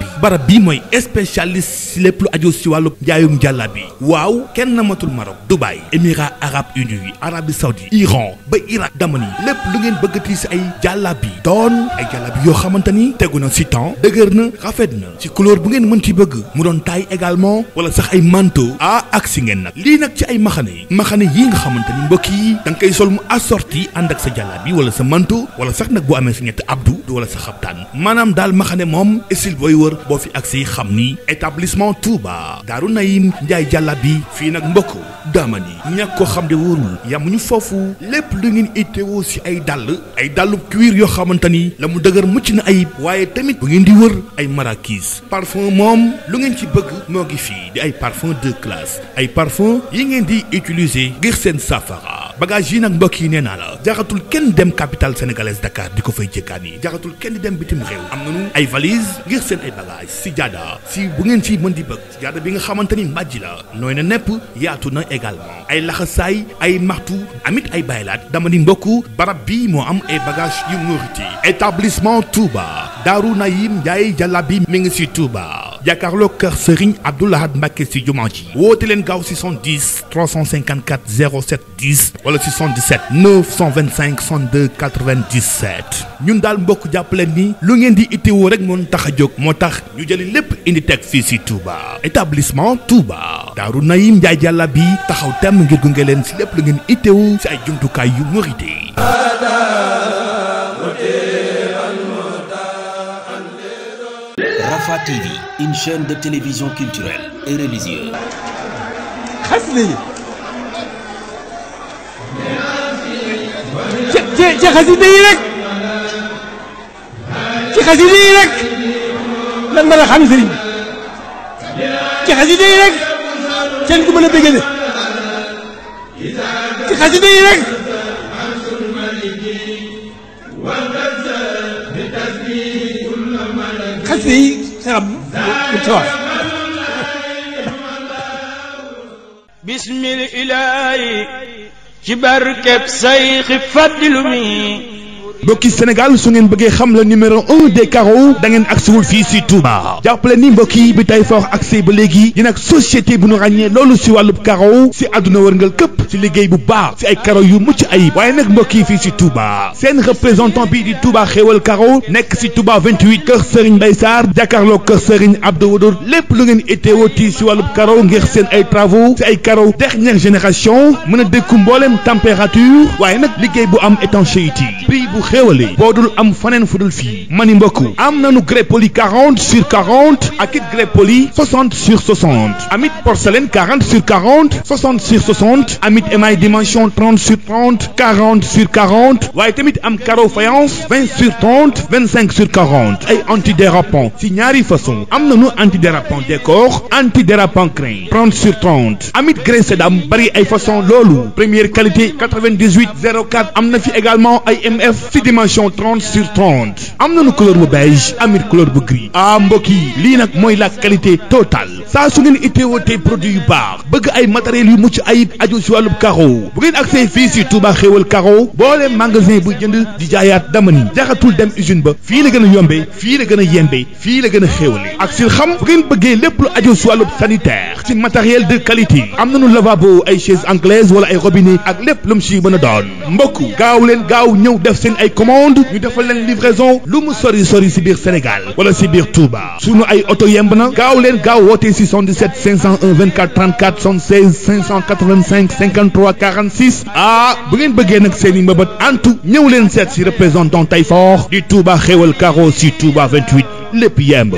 bi barab bii mooy spécialiste si lépp lu aju si wàllu njaayum bi waaw kenn matul dubaay Dubaï Émirats arabes unis Arabie saoudite Iran ba Irak damani lépp lu ngeen bëggati si ay jàllabi doon ay jàllabi yoo xamante ni tegu na si temps dëgër na rafet na ci couleur bu ngeen mën ci bëgg mu doon taay également wala sax ay manteau a ah, ak si ngeen nag lii nag ci ay maxane yi maxane yi nga xamante ni mbokk yi da nga koy sol mu assorti ànd ak sa jàllabi wala sa manteau wala sax nag bu si kàddu wala sa xabtaan maanaam daal ma xam ne moom style booy wër boo fi ak si xam ni établissement Touba Daaru Naïm Njaay jàlla bi fii nag mbokk daamani ñàkk ko xam de wóorul yamuñu foofu lépp lu ngeen itteewoo si ay dàll ay dàllu cuir yoo xamante ni la mu dëgër mucc na ayib waaye tamit bu ngeen di wër ay marakis parfum moom lu ngeen ci bëgg moo ngi fii di ay parfum de classe ay parfum yi ngeen di utiliser ngir seen safara bagage yi nag mbokk yi nee naa la jaxatul kenn dem capitale sénégalaise Dakar di ko fay jëkkaan yi jaxatul kenn dem bitim réew am nañu ay valise ngir seen ay bagage si jaada si bu ngeen si mën di bëgg si jaada bi nga xamante ni mbàjj la nooy na nepp yaatu na également ay laxasaay ay maxtu amit ay baylaat dama ni mbokk barab bi moo am ay bagage yu ngóoriti établissement Touba Daaru Nayim Njaay Jalabi mi ngi si tuuba jàkkaarloo kër Serigne Abdou Lahad Mbacké si jumaa ji woote leen gaaw 70 354 07 10 wala 77 925 62 97 ñun daal mbokk jàpp leen ni lu ngeen di itteewoo rek moon tax a jóg moo tax ñu jëli lépp indi teg fii si Touba établissement Touba Daaru Naïm Njaay jàlla bi taxaw temm ngir gunge leen si lépp lu ngeen itteewu si ay jumtukaay yu mérité Rafah TV une chaîne de télévision culturelle et religieuse. xasida yi ci ci xasida yi rek ci xasida yi rek lan mën a xam sëriñ bi ci xasida yi rek kenn ku mën a bëggale ci xasida yi rek. xasida yi. sëñ Abdou ci wax bismil ilaahi ci barkeb sayxi faddilu mi mbokki Sénégal su ngeen bëggee xam la numéro un des carreaux da ngeen agsiwul fii si Touba jàppale ni mbokk yi bi tay foox accès ba léegi ñu nag société bu nu ràññee loolu si wàllub carreau si àdduna wërngal këpp ci liggéey bu baax si ay carreau yu mucc ayib waaye nag mbokk yi fii si Touba seen représentant bii di Touba xéewal carreau nekk si Touba 28 kër Serigne Mbaye Sarr jàkkaarloo kër Serigne Abdou Wadour lépp lu ngeen itteewooti si wàllub carreau ngir seen ay travaux si ay carreau dernière génération mën a dékku mbooleem température waaye nag liggéey bu am étanchéité prix xéewal yi boo dul am faneen fu dul fii mani mbokku am nanu grès poli 40 sur 40 ak it grès poli 60 sur 60 amit porcelaine 40 sur 40 60 sur 60 amit émail dimension 30 sur 30 40 sur 40 am carreau faïence sur 30 25 sur 40 ay antidérapant si ñaari façon am nanu antidérapant décor antidérapant crin 30 sur 30 amit grès sédam bari ay façon loolu première qualité 98 04 am na fi également ay ci dimension 30 sur 30 am nañu couleur bu beige amit couleur bu gris ah mbokk yi lii nag mooy la qualité totale saa su ngeen itteewatee produit yu baax bëgg ay matériel yu mucc ayib ajo si wàllu carreau bu ngeen agsee fii si Touba xéewal carreau boole magasin bu jënd di jaayaat dama ni jaxatul dem usine ba fii la gën a yombee fii la gën a yembee fii la gën a xéewale ak si xam bu ngeen bëggee lépp lu aju si wàllu sanitaire si matériel de qualité am nañu lavabo ay chaise anglaise wala ay robinet ak lépp lu si mën a doon ay commande ñu defal leen livraison lu mu sori sori si Sénégal wala si biir Touba sunu ay oto yemb na gaaw leen gaaw woote si 77 501 24 34 76 585 53 46 ah bu ngeen bëggee nag seen i mbëbët antu ñëw leen seet si représentant Tayfort di Touba xéwal Caro si Touba 28 lépp yemb.